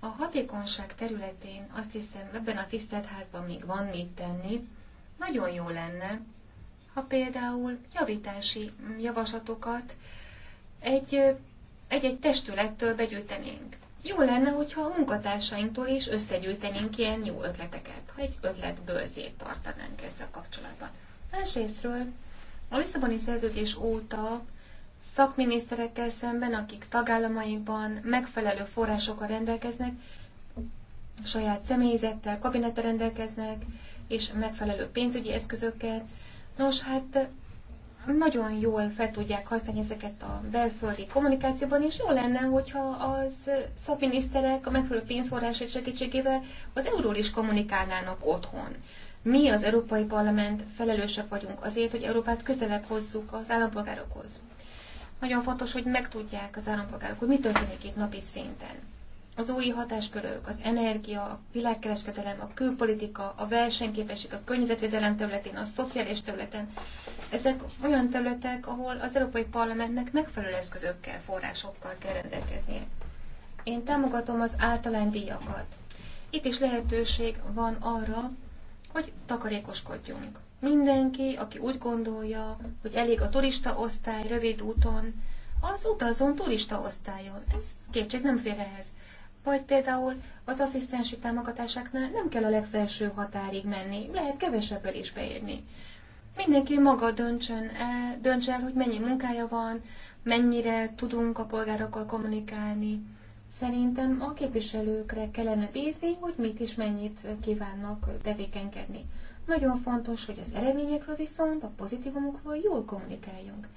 A hatékonyság területén azt hiszem, ebben a tisztetházban házban még van mit tenni. Nagyon jó lenne, ha például javítási javaslatokat egy, egy-egy testülettől begyűjtenénk. Jó lenne, hogyha a munkatársainktól is összegyűjtenénk ilyen jó ötleteket, ha egy ötletbőrzét tartanánk ezzel kapcsolatban. Másrésztről a Lisszaboni szerződés óta szakminiszterekkel szemben, akik tagállamaikban megfelelő forrásokkal rendelkeznek, saját személyzettel, kabinettel rendelkeznek, és megfelelő pénzügyi eszközökkel. Nos, hát nagyon jól fel tudják használni ezeket a belföldi kommunikációban, és jó lenne, hogyha az szakminiszterek a megfelelő pénzforrások segítségével az euróról is kommunikálnának otthon. Mi az Európai Parlament felelősek vagyunk azért, hogy Európát közelebb hozzuk az állampolgárokhoz. Nagyon fontos, hogy megtudják az állampolgárok, hogy mi történik itt napi szinten. Az új hatáskörök, az energia, a világkereskedelem, a külpolitika, a versenyképesség, a környezetvédelem területén, a szociális területen, ezek olyan területek, ahol az Európai Parlamentnek megfelelő eszközökkel, forrásokkal kell rendelkeznie. Én támogatom az általán díjakat. Itt is lehetőség van arra, hogy takarékoskodjunk. Mindenki, aki úgy gondolja, hogy elég a turista osztály rövid úton, az utazon turista osztályon. Ez kétség nem fér ehhez. Vagy például az asszisztensi támogatásáknál nem kell a legfelső határig menni, lehet kevesebbel is beérni. Mindenki maga döntsön el, dönts el, hogy mennyi munkája van, mennyire tudunk a polgárokkal kommunikálni. Szerintem a képviselőkre kellene bízni, hogy mit és mennyit kívánnak tevékenykedni. Nagyon fontos, hogy az eredményekről viszont, a pozitívumokról jól kommunikáljunk.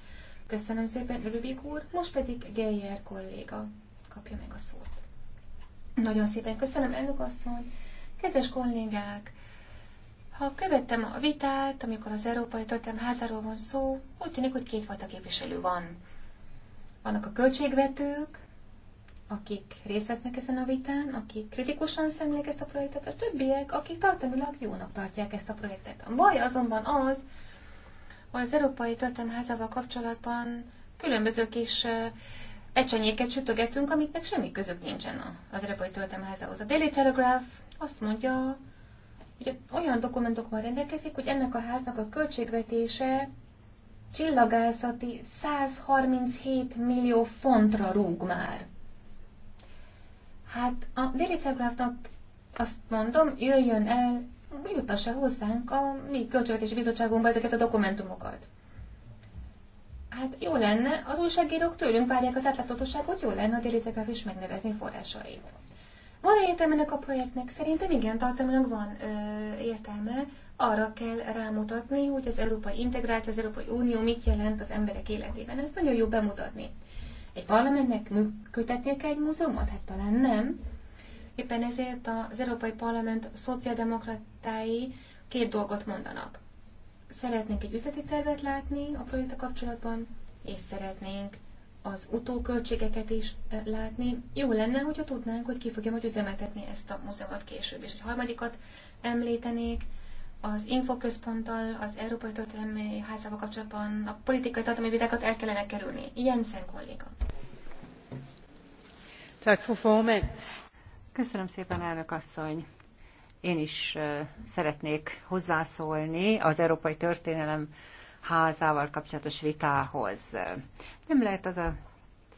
Köszönöm szépen, Rubik úr, most pedig Geyer kolléga kapja meg a szót. Nagyon szépen köszönöm, elnök asszony, kedves kollégák! Ha követtem a vitát, amikor az Európai Történelem házáról van szó, úgy tűnik, hogy kétfajta képviselő van. Vannak a költségvetők, akik részt vesznek ezen a vitán, akik kritikusan szemlélik ezt a projektet, a többiek, akik tartalmilag jónak tartják ezt a projektet. A baj azonban az, hogy az Európai Történelmházával kapcsolatban különböző kis pecsenyéket sütögetünk, amiknek semmi közük nincsen az Európai Történelmházához. A Daily Telegraph azt mondja, hogy olyan dokumentokban rendelkezik, hogy ennek a háznak a költségvetése csillagászati 137 millió fontra rúg már. Hát a déli cegrafnak azt mondom, jöjjön el, jutassa hozzánk a mi költségvetési bizottságunkba ezeket a dokumentumokat. Hát jó lenne, az újságírók tőlünk várják az átláthatóságot, jó lenne a déli is megnevezni forrásait. Van-e értelme ennek a projektnek? Szerintem igen, tartalmilag van ö, értelme. Arra kell rámutatni, hogy az európai integráció, az Európai Unió mit jelent az emberek életében. Ezt nagyon jó bemutatni. Egy parlamentnek működtetnék egy múzeumot? Hát talán nem. Éppen ezért az Európai Parlament szociáldemokratái két dolgot mondanak. Szeretnénk egy üzleti tervet látni a projekt kapcsolatban, és szeretnénk az utóköltségeket is látni. Jó lenne, hogyha tudnánk, hogy ki fogja majd üzemeltetni ezt a múzeumot később. És egy harmadikat említenék, az infoközponttal, az Európai Történelmi Házával kapcsolatban a politikai tartalmi vitákat el kellene kerülni. Jensen kolléga. Köszönöm szépen, elnök asszony. Én is szeretnék hozzászólni az Európai Történelem házával kapcsolatos vitához. Nem lehet az a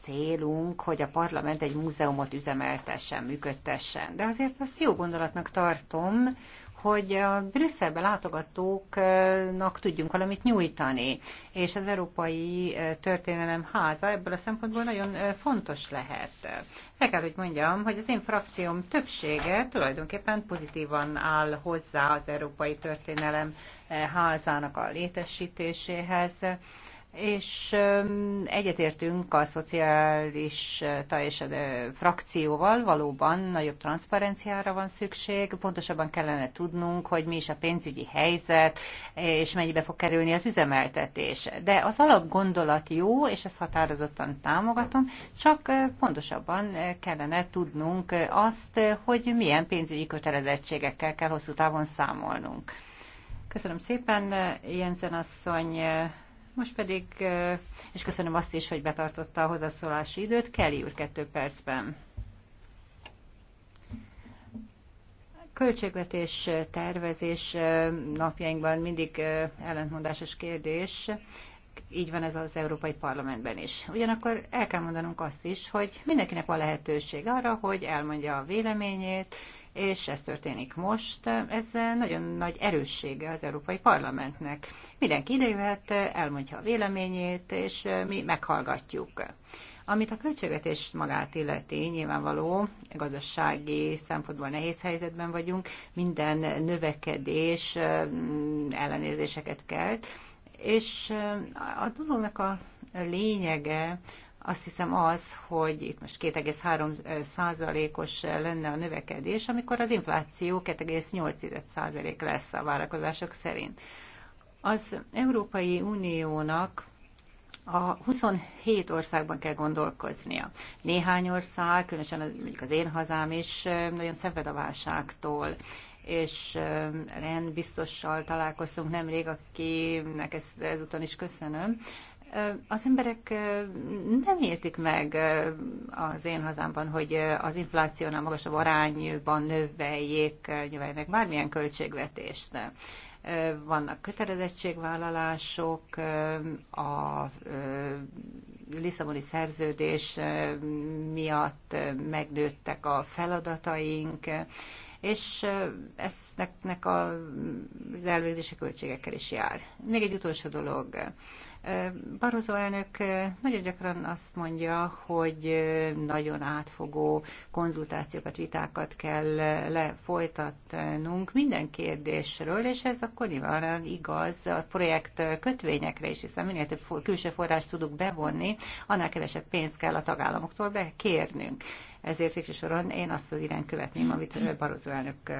célunk, hogy a parlament egy múzeumot üzemeltessen, működtessen. De azért azt jó gondolatnak tartom, hogy a Brüsszelbe látogatóknak tudjunk valamit nyújtani, és az Európai Történelem Háza ebből a szempontból nagyon fontos lehet. El kell, hogy mondjam, hogy az én frakcióm többsége tulajdonképpen pozitívan áll hozzá az Európai Történelem Házának a létesítéséhez, és egyetértünk a szociális és a frakcióval, valóban nagyobb transzparenciára van szükség, pontosabban kellene tudnunk, hogy mi is a pénzügyi helyzet, és mennyibe fog kerülni az üzemeltetés. De az alapgondolat jó, és ezt határozottan támogatom, csak pontosabban kellene tudnunk azt, hogy milyen pénzügyi kötelezettségekkel kell hosszú távon számolnunk. Köszönöm szépen, Jensen asszony, most pedig, és köszönöm azt is, hogy betartotta a hozzászólási időt, Kelly úr kettő percben. költségvetés tervezés napjainkban mindig ellentmondásos kérdés, így van ez az Európai Parlamentben is. Ugyanakkor el kell mondanunk azt is, hogy mindenkinek van lehetőség arra, hogy elmondja a véleményét, és ez történik most. Ez nagyon nagy erőssége az Európai Parlamentnek. Mindenki idejöhet, elmondja a véleményét, és mi meghallgatjuk. Amit a költségvetés magát illeti, nyilvánvaló, gazdasági szempontból nehéz helyzetben vagyunk, minden növekedés mm, ellenérzéseket kelt, és mm, a dolognak a lényege azt hiszem az, hogy itt most 2,3 százalékos lenne a növekedés, amikor az infláció 2,8 százalék lesz a várakozások szerint. Az Európai Uniónak a 27 országban kell gondolkoznia. Néhány ország, különösen az, mondjuk az én hazám is nagyon szenved a válságtól, és eh, rendbiztossal találkoztunk nemrég, akinek ezt ezúton is köszönöm, az emberek nem értik meg az én hazámban, hogy az inflációnál magasabb arányban növeljék, növeljék bármilyen költségvetést vannak kötelezettségvállalások, a Lisszaboni szerződés miatt megnőttek a feladataink, és eznek az elvégzése költségekkel is jár. Még egy utolsó dolog. Barozó elnök nagyon gyakran azt mondja, hogy nagyon átfogó konzultációkat, vitákat kell lefolytatnunk minden kérdésről, és ez akkor nyilván igaz a projekt kötvényekre is, hiszen minél több külső forrást tudunk bevonni, annál kevesebb pénzt kell a tagállamoktól bekérnünk. Ezért végső soron én azt az irányt követném, amit Barozó elnök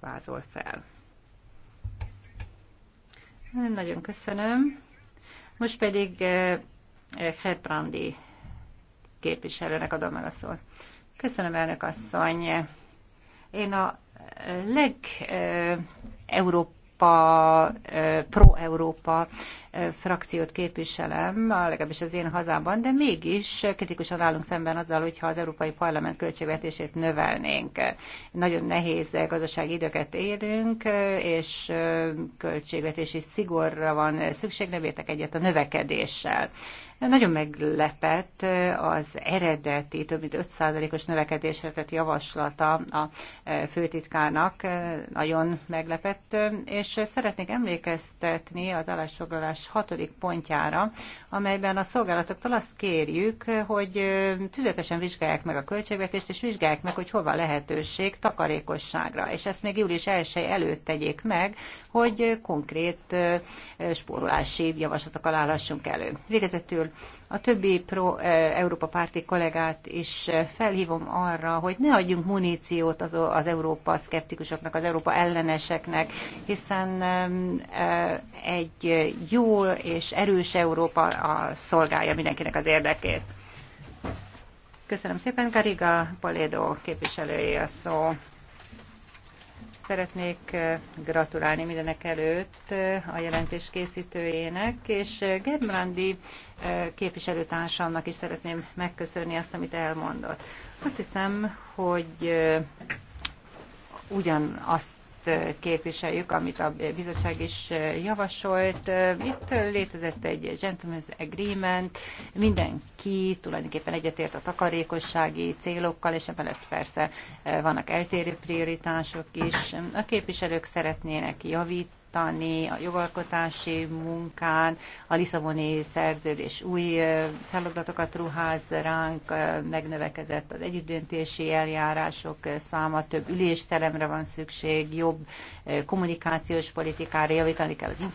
vázol fel. Nagyon köszönöm. Most pedig eh, eh, Herbrandi képviselőnek adom meg a szót. Köszönöm, elnök asszony. Én a eh, leg Európa Európa, pro-Európa frakciót képviselem, legalábbis az én hazámban, de mégis kritikusan állunk szemben azzal, hogyha az Európai Parlament költségvetését növelnénk. Nagyon nehéz gazdasági időket élünk, és költségvetési szigorra van szükség, nem értek egyet a növekedéssel. Nagyon meglepett az eredeti, több mint 5%-os növekedésre tett javaslata a főtitkárnak, nagyon meglepett, és szeretnék emlékeztetni az állásfoglalás hatodik pontjára, amelyben a szolgálatoktól azt kérjük, hogy tüzetesen vizsgálják meg a költségvetést, és vizsgálják meg, hogy hova lehetőség takarékosságra, és ezt még július 1 előtt tegyék meg, hogy konkrét spórolási javaslatok állhassunk elő. Végezetül a többi pro Európa párti kollégát is felhívom arra, hogy ne adjunk muníciót az, az Európa szkeptikusoknak, az Európa elleneseknek, hiszen egy jó és erős Európa a szolgálja mindenkinek az érdekét. Köszönöm szépen, Kariga, Poledo képviselője a szó. Szeretnék gratulálni mindenek előtt a jelentés készítőjének, és Gerbrandi képviselőtársamnak is szeretném megköszönni azt, amit elmondott. Azt hiszem, hogy ugyanazt képviseljük, amit a bizottság is javasolt. Itt létezett egy gentleman's agreement, mindenki tulajdonképpen egyetért a takarékossági célokkal, és emellett persze vannak eltérő prioritások is. A képviselők szeretnének javítani, javítani a jogalkotási munkán, a Lisszaboni szerződés új feladatokat ruház ránk, megnövekedett az együttdöntési eljárások száma, több ülésteremre van szükség, jobb kommunikációs politikára javítani kell az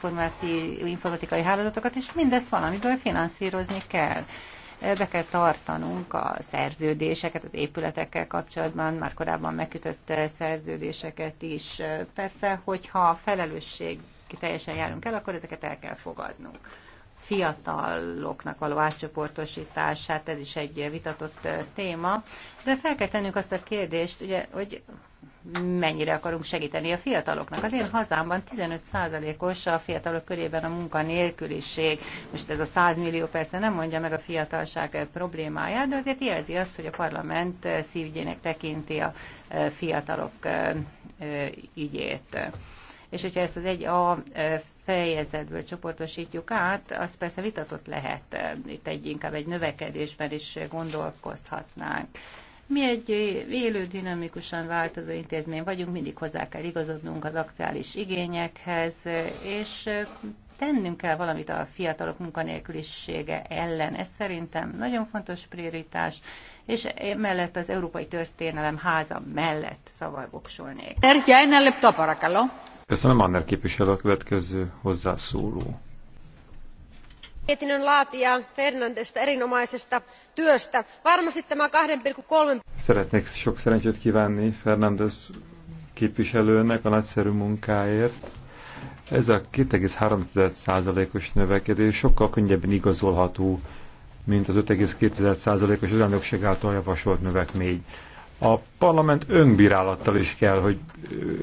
informatikai hálózatokat, és mindezt valamiből finanszírozni kell be kell tartanunk a szerződéseket, az épületekkel kapcsolatban, már korábban megkötött szerződéseket is. Persze, hogyha a felelősség teljesen járunk el, akkor ezeket el kell fogadnunk fiataloknak való átcsoportosítását, ez is egy vitatott téma, de fel kell tennünk azt a kérdést, ugye, hogy mennyire akarunk segíteni a fiataloknak. Az én hazámban 15%-os a fiatalok körében a munkanélküliség. Most ez a 100 millió persze nem mondja meg a fiatalság problémáját, de azért jelzi azt, hogy a parlament szívügyének tekinti a e, fiatalok e, e, ügyét. És hogyha ezt az egy a fejezetből csoportosítjuk át, az persze vitatott lehet. Itt egy inkább egy növekedésben is gondolkozhatnánk. Mi egy élő, dinamikusan változó intézmény vagyunk, mindig hozzá kell igazodnunk az aktuális igényekhez, és tennünk kell valamit a fiatalok munkanélkülisége ellen. Ez szerintem nagyon fontos prioritás, és mellett az Európai Történelem háza mellett szaval voksolnék. Köszönöm, Anner képviselő a következő hozzászóló mietinnön laatijaa fernandesta erinomaisesta työstä. varmasti tämä kahden kolme. szeretnék sok szerencsét kívánni fernandes képviselőnek a nagyszerű munkáért. Ez a 2,3%-os növekedés sokkal könnyebben igazolható, mint az 5,2%-os az elnökség által javasolt növekmény. A parlament önbírálattal is kell, hogy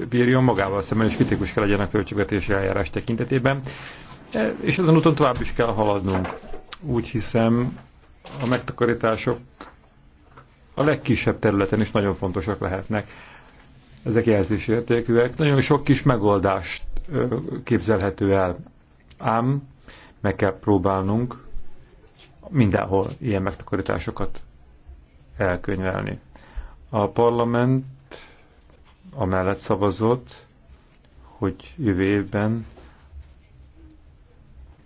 bírjon magával szemben, és kritikus kell legyen a költségvetési eljárás tekintetében. E, és ezen úton tovább is kell haladnunk. Úgy hiszem, a megtakarítások a legkisebb területen is nagyon fontosak lehetnek. Ezek jelzésértékűek. Nagyon sok kis megoldást képzelhető el. Ám meg kell próbálnunk mindenhol ilyen megtakarításokat elkönyvelni. A parlament amellett szavazott, hogy jövő évben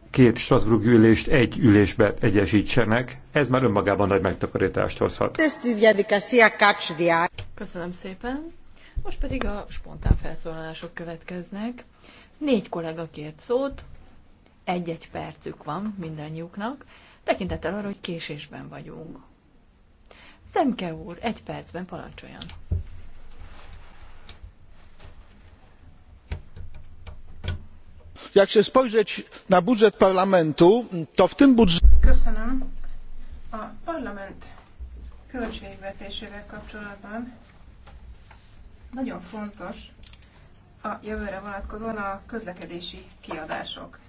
két Strasbourg ülést egy ülésbe egyesítsenek, ez már önmagában nagy megtakarítást hozhat. Köszönöm szépen. Most pedig a spontán felszólalások következnek. Négy kollega kért szót, egy-egy percük van mindannyiuknak, tekintettel arra, hogy késésben vagyunk. Szemke úr, egy percben parancsoljon. jak się spojrzeć na budżet parlamentu to w tym budżecie költségvetésével kapcsolatban nagyon fontos a jövőre vonatkozóan a közlekedési kiadások.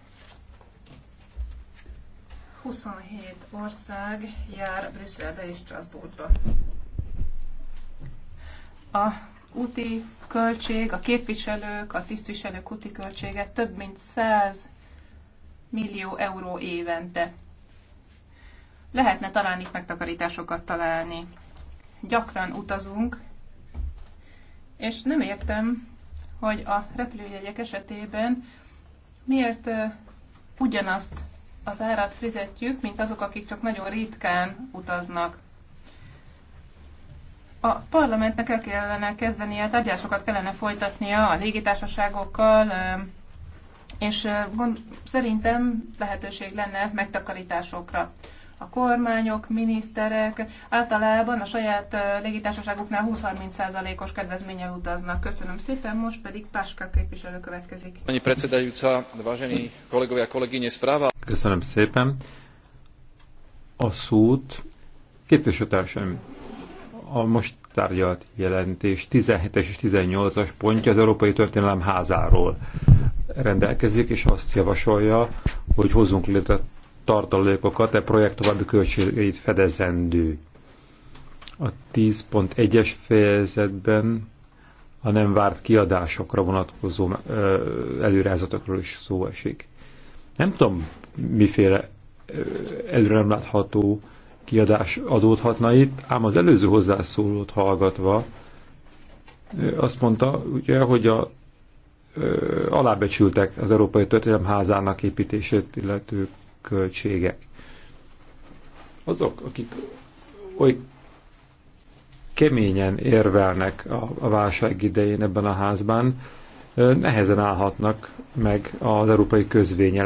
27 ország jár Brüsszelbe és Strasbourgba. A úti költség, a képviselők, a tisztviselők úti költsége több mint 100 millió euró évente. Lehetne talán itt megtakarításokat találni. Gyakran utazunk, és nem értem, hogy a repülőjegyek esetében miért ugyanazt az árat fizetjük, mint azok, akik csak nagyon ritkán utaznak. A parlamentnek el kellene kezdenie, tárgyásokat kellene folytatnia a légitársaságokkal, és szerintem lehetőség lenne megtakarításokra. A kormányok, miniszterek általában a saját légitársaságoknál 20-30%-os kedvezménnyel utaznak. Köszönöm szépen, most pedig Páska képviselő következik. Köszönöm szépen a szót. Képviselőtársaim, a most tárgyalt jelentés 17-es és 18-as pontja az Európai Történelem házáról rendelkezik, és azt javasolja, hogy hozzunk létre tartalékokat, e projekt további költségeit fedezendő. A 10.1-es fejezetben a nem várt kiadásokra vonatkozó előrehajzatokról is szó esik. Nem tudom, miféle előre nem látható kiadás adódhatna itt, ám az előző hozzászólót hallgatva azt mondta, ugye, hogy a, ö, alábecsültek az Európai Történelem házának építését illető költségek. Azok, akik oly keményen érvelnek a, a válság idején ebben a házban, nehezen állhatnak meg az európai közvény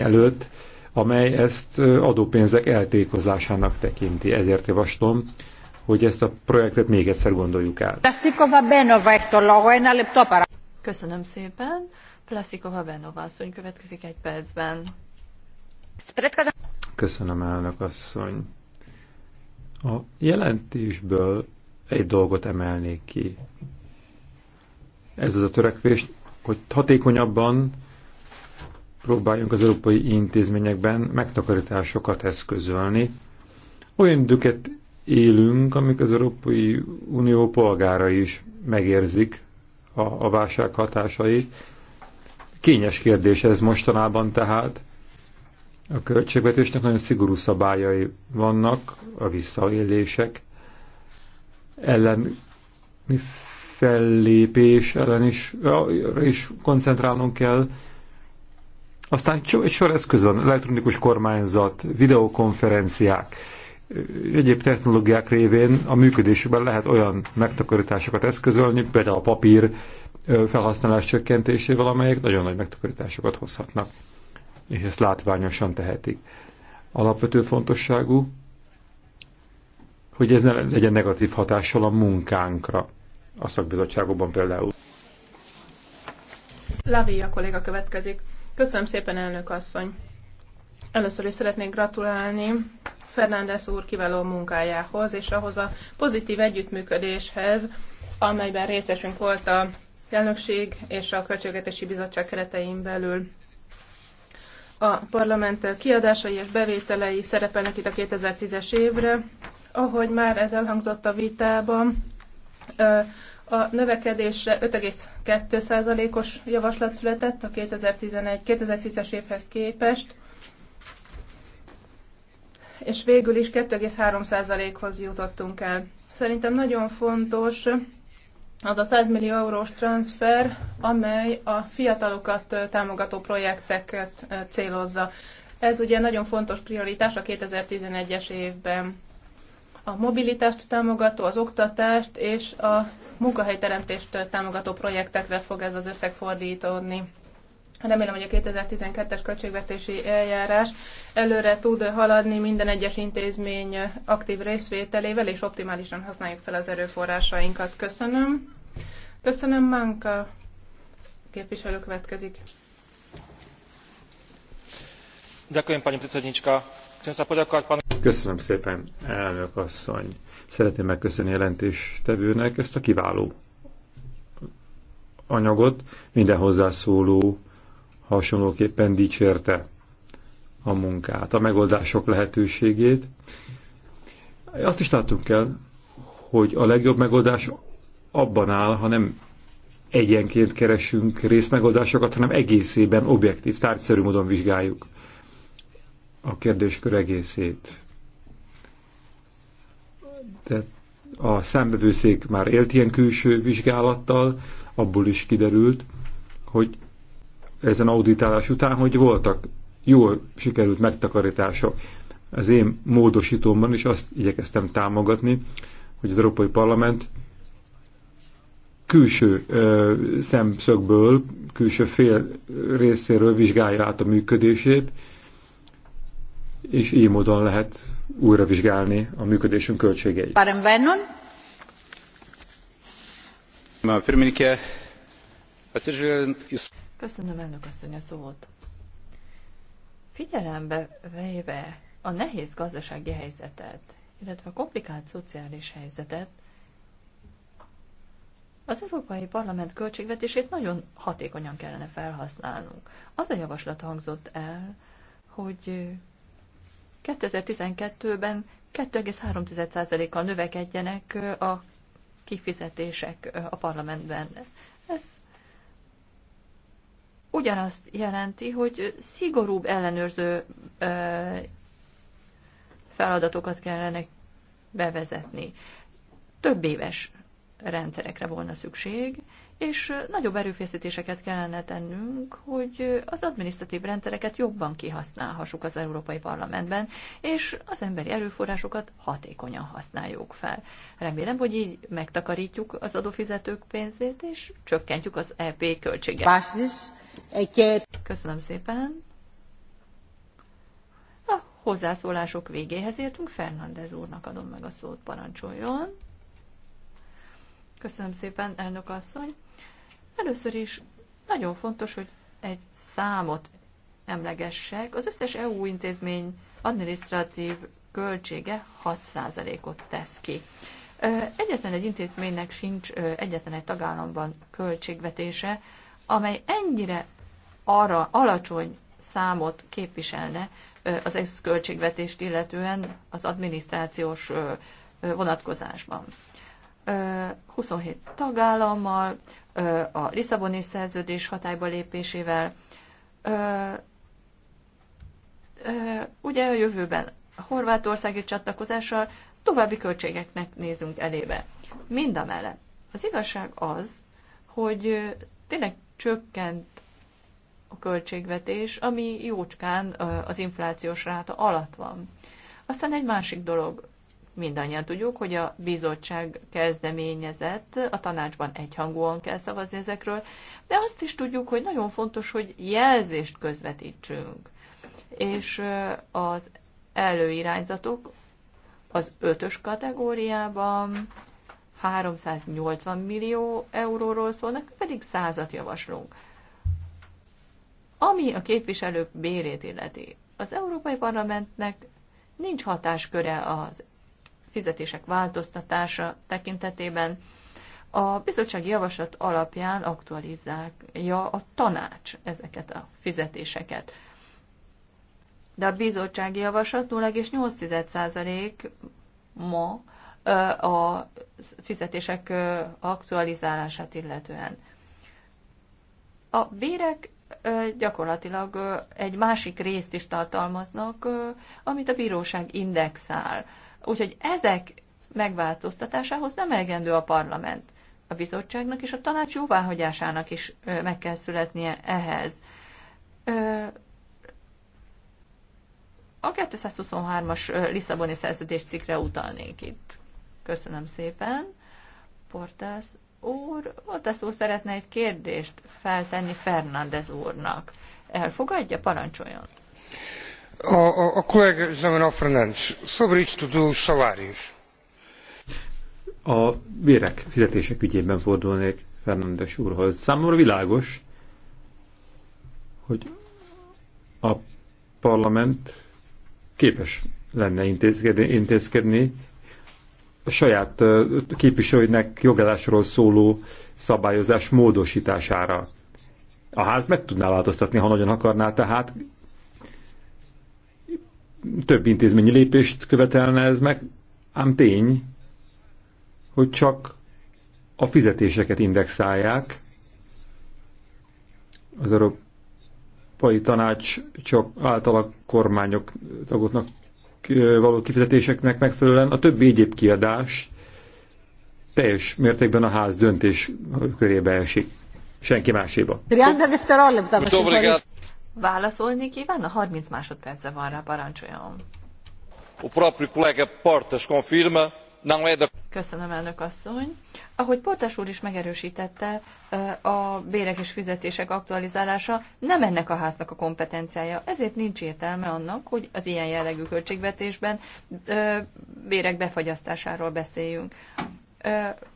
előtt, amely ezt adópénzek eltékozásának tekinti. Ezért javaslom, hogy ezt a projektet még egyszer gondoljuk át. Köszönöm szépen. Plaszikova Benova asszony következik egy percben. Köszönöm, elnök asszony. A jelentésből egy dolgot emelnék ki. Ez az a törekvés, hogy hatékonyabban próbáljunk az európai intézményekben megtakarításokat eszközölni. Olyan időket élünk, amik az Európai Unió polgára is megérzik a, a válság hatásait. Kényes kérdés ez mostanában tehát. A költségvetésnek nagyon szigorú szabályai vannak, a visszaélések ellen fellépés ellen is, is koncentrálnunk kell, aztán egy sor eszköz van, elektronikus kormányzat, videokonferenciák, egyéb technológiák révén a működésükben lehet olyan megtakarításokat eszközölni, például a papír felhasználás csökkentésével, amelyek nagyon nagy megtakarításokat hozhatnak, és ezt látványosan tehetik. Alapvető fontosságú, hogy ez ne legyen negatív hatással a munkánkra, a szakbizottságokban például. Lavi a kolléga következik. Köszönöm szépen, elnök asszony. Először is szeretnék gratulálni Fernández úr kiváló munkájához, és ahhoz a pozitív együttműködéshez, amelyben részesünk volt a elnökség és a Költségvetési Bizottság keretein belül. A parlament kiadásai és bevételei szerepelnek itt a 2010-es évre. Ahogy már ez elhangzott a vitában, a növekedésre 5,2%-os javaslat született a 2011-2010-es évhez képest, és végül is 2,3%-hoz jutottunk el. Szerintem nagyon fontos az a 100 millió eurós transfer, amely a fiatalokat támogató projekteket célozza. Ez ugye nagyon fontos prioritás a 2011-es évben a mobilitást támogató, az oktatást és a munkahelyteremtést támogató projektekre fog ez az összeg fordítódni. Remélem, hogy a 2012-es költségvetési eljárás előre tud haladni minden egyes intézmény aktív részvételével, és optimálisan használjuk fel az erőforrásainkat. Köszönöm. Köszönöm, Mánka. Képviselő következik. Köszönöm, pani predsednička Köszönöm szépen, elnök asszony. Szeretném megköszönni jelentéstevőnek ezt a kiváló anyagot. Minden hozzászóló hasonlóképpen dicsérte a munkát, a megoldások lehetőségét. Azt is látunk el, hogy a legjobb megoldás abban áll, ha nem egyenként keresünk részmegoldásokat, hanem egészében objektív, tárgyszerű módon vizsgáljuk a kérdéskör egészét. De a számbevőszék már élt ilyen külső vizsgálattal, abból is kiderült, hogy ezen auditálás után, hogy voltak jól sikerült megtakarítások. Az én módosítómban is azt igyekeztem támogatni, hogy az Európai Parlament külső ö, szemszögből, külső fél részéről vizsgálja át a működését, és így módon lehet újra vizsgálni a működésünk költségeit. Párom Vernon. Köszönöm elnök asszony a szót. Figyelembe véve a nehéz gazdasági helyzetet, illetve a komplikált szociális helyzetet, az Európai Parlament költségvetését nagyon hatékonyan kellene felhasználnunk. Az a javaslat hangzott el, hogy 2012-ben 2,3%-kal növekedjenek a kifizetések a parlamentben. Ez ugyanazt jelenti, hogy szigorúbb ellenőrző feladatokat kellene bevezetni. Több éves rendszerekre volna szükség, és nagyobb erőfeszítéseket kellene tennünk, hogy az adminisztratív rendszereket jobban kihasználhassuk az Európai Parlamentben, és az emberi erőforrásokat hatékonyan használjuk fel. Remélem, hogy így megtakarítjuk az adófizetők pénzét, és csökkentjük az EP költséget. Köszönöm szépen! A hozzászólások végéhez értünk, Fernández úrnak adom meg a szót, parancsoljon! Köszönöm szépen, elnök asszony. Először is nagyon fontos, hogy egy számot emlegessek. Az összes EU intézmény adminisztratív költsége 6%-ot tesz ki. Egyetlen egy intézménynek sincs egyetlen egy tagállamban költségvetése, amely ennyire arra alacsony számot képviselne az egész költségvetést illetően az adminisztrációs vonatkozásban. 27 tagállammal, a Lisszaboni szerződés hatályba lépésével. Ugye a jövőben a horvátországi csatlakozással további költségeknek nézünk elébe. Mind a mellett. Az igazság az, hogy tényleg csökkent a költségvetés, ami jócskán az inflációs ráta alatt van. Aztán egy másik dolog, Mindannyian tudjuk, hogy a bizottság kezdeményezett, a tanácsban egyhangúan kell szavazni ezekről, de azt is tudjuk, hogy nagyon fontos, hogy jelzést közvetítsünk. És az előirányzatok az ötös kategóriában 380 millió euróról szólnak, pedig százat javaslunk. Ami a képviselők bérét illeti, az Európai Parlamentnek nincs hatásköre az fizetések változtatása tekintetében a bizottsági javaslat alapján aktualizálja a tanács ezeket a fizetéseket. De a bizottsági javaslat 0,8% ma a fizetések aktualizálását illetően. A bérek gyakorlatilag egy másik részt is tartalmaznak, amit a bíróság indexál. Úgyhogy ezek megváltoztatásához nem elegendő a parlament. A bizottságnak és a tanács jóváhagyásának is meg kell születnie ehhez. A 223-as Lisszaboni szerződés cikkre utalnék itt. Köszönöm szépen. Portász úr, Portász úr szeretne egy kérdést feltenni Fernández úrnak. Elfogadja? Parancsoljon. Ao, colega José Manuel Fernandes, sobre szóval isto dos salários. A bérek fizetések ügyében fordulnék Fernandes úrhoz. Számomra világos, hogy a parlament képes lenne intézkedni, intézkedni a saját képviselőinek jogállásról szóló szabályozás módosítására. A ház meg tudná változtatni, ha nagyon akarná, tehát több intézményi lépést követelne ez meg, ám tény, hogy csak a fizetéseket indexálják. Az Európai Tanács csak által a kormányok tagoknak való kifizetéseknek megfelelően a többi egyéb kiadás teljes mértékben a ház döntés körébe esik. Senki máséba válaszolni A 30 másodperce van rá, parancsoljon. O próprio colega Portas confirma, não é da... Köszönöm, elnök asszony. Ahogy Portas úr is megerősítette, a bérek és fizetések aktualizálása nem ennek a háznak a kompetenciája, ezért nincs értelme annak, hogy az ilyen jellegű költségvetésben bérek befagyasztásáról beszéljünk.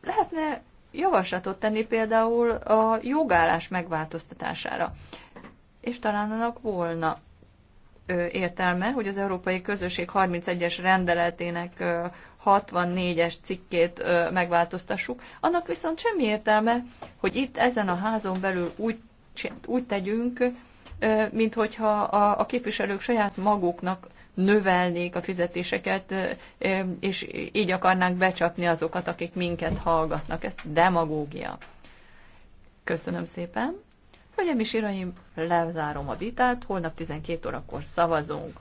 Lehetne javaslatot tenni például a jogállás megváltoztatására és talán annak volna értelme, hogy az Európai Közösség 31-es rendeletének 64-es cikkét megváltoztassuk. Annak viszont semmi értelme, hogy itt ezen a házon belül úgy, úgy tegyünk, mint hogyha a, a képviselők saját maguknak növelnék a fizetéseket, és így akarnánk becsapni azokat, akik minket hallgatnak. Ez demagógia. Köszönöm szépen. Hölgyeim és Iraim, lezárom a vitát, holnap 12 órakor szavazunk.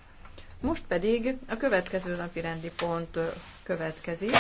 Most pedig a következő napi rendi pont következik.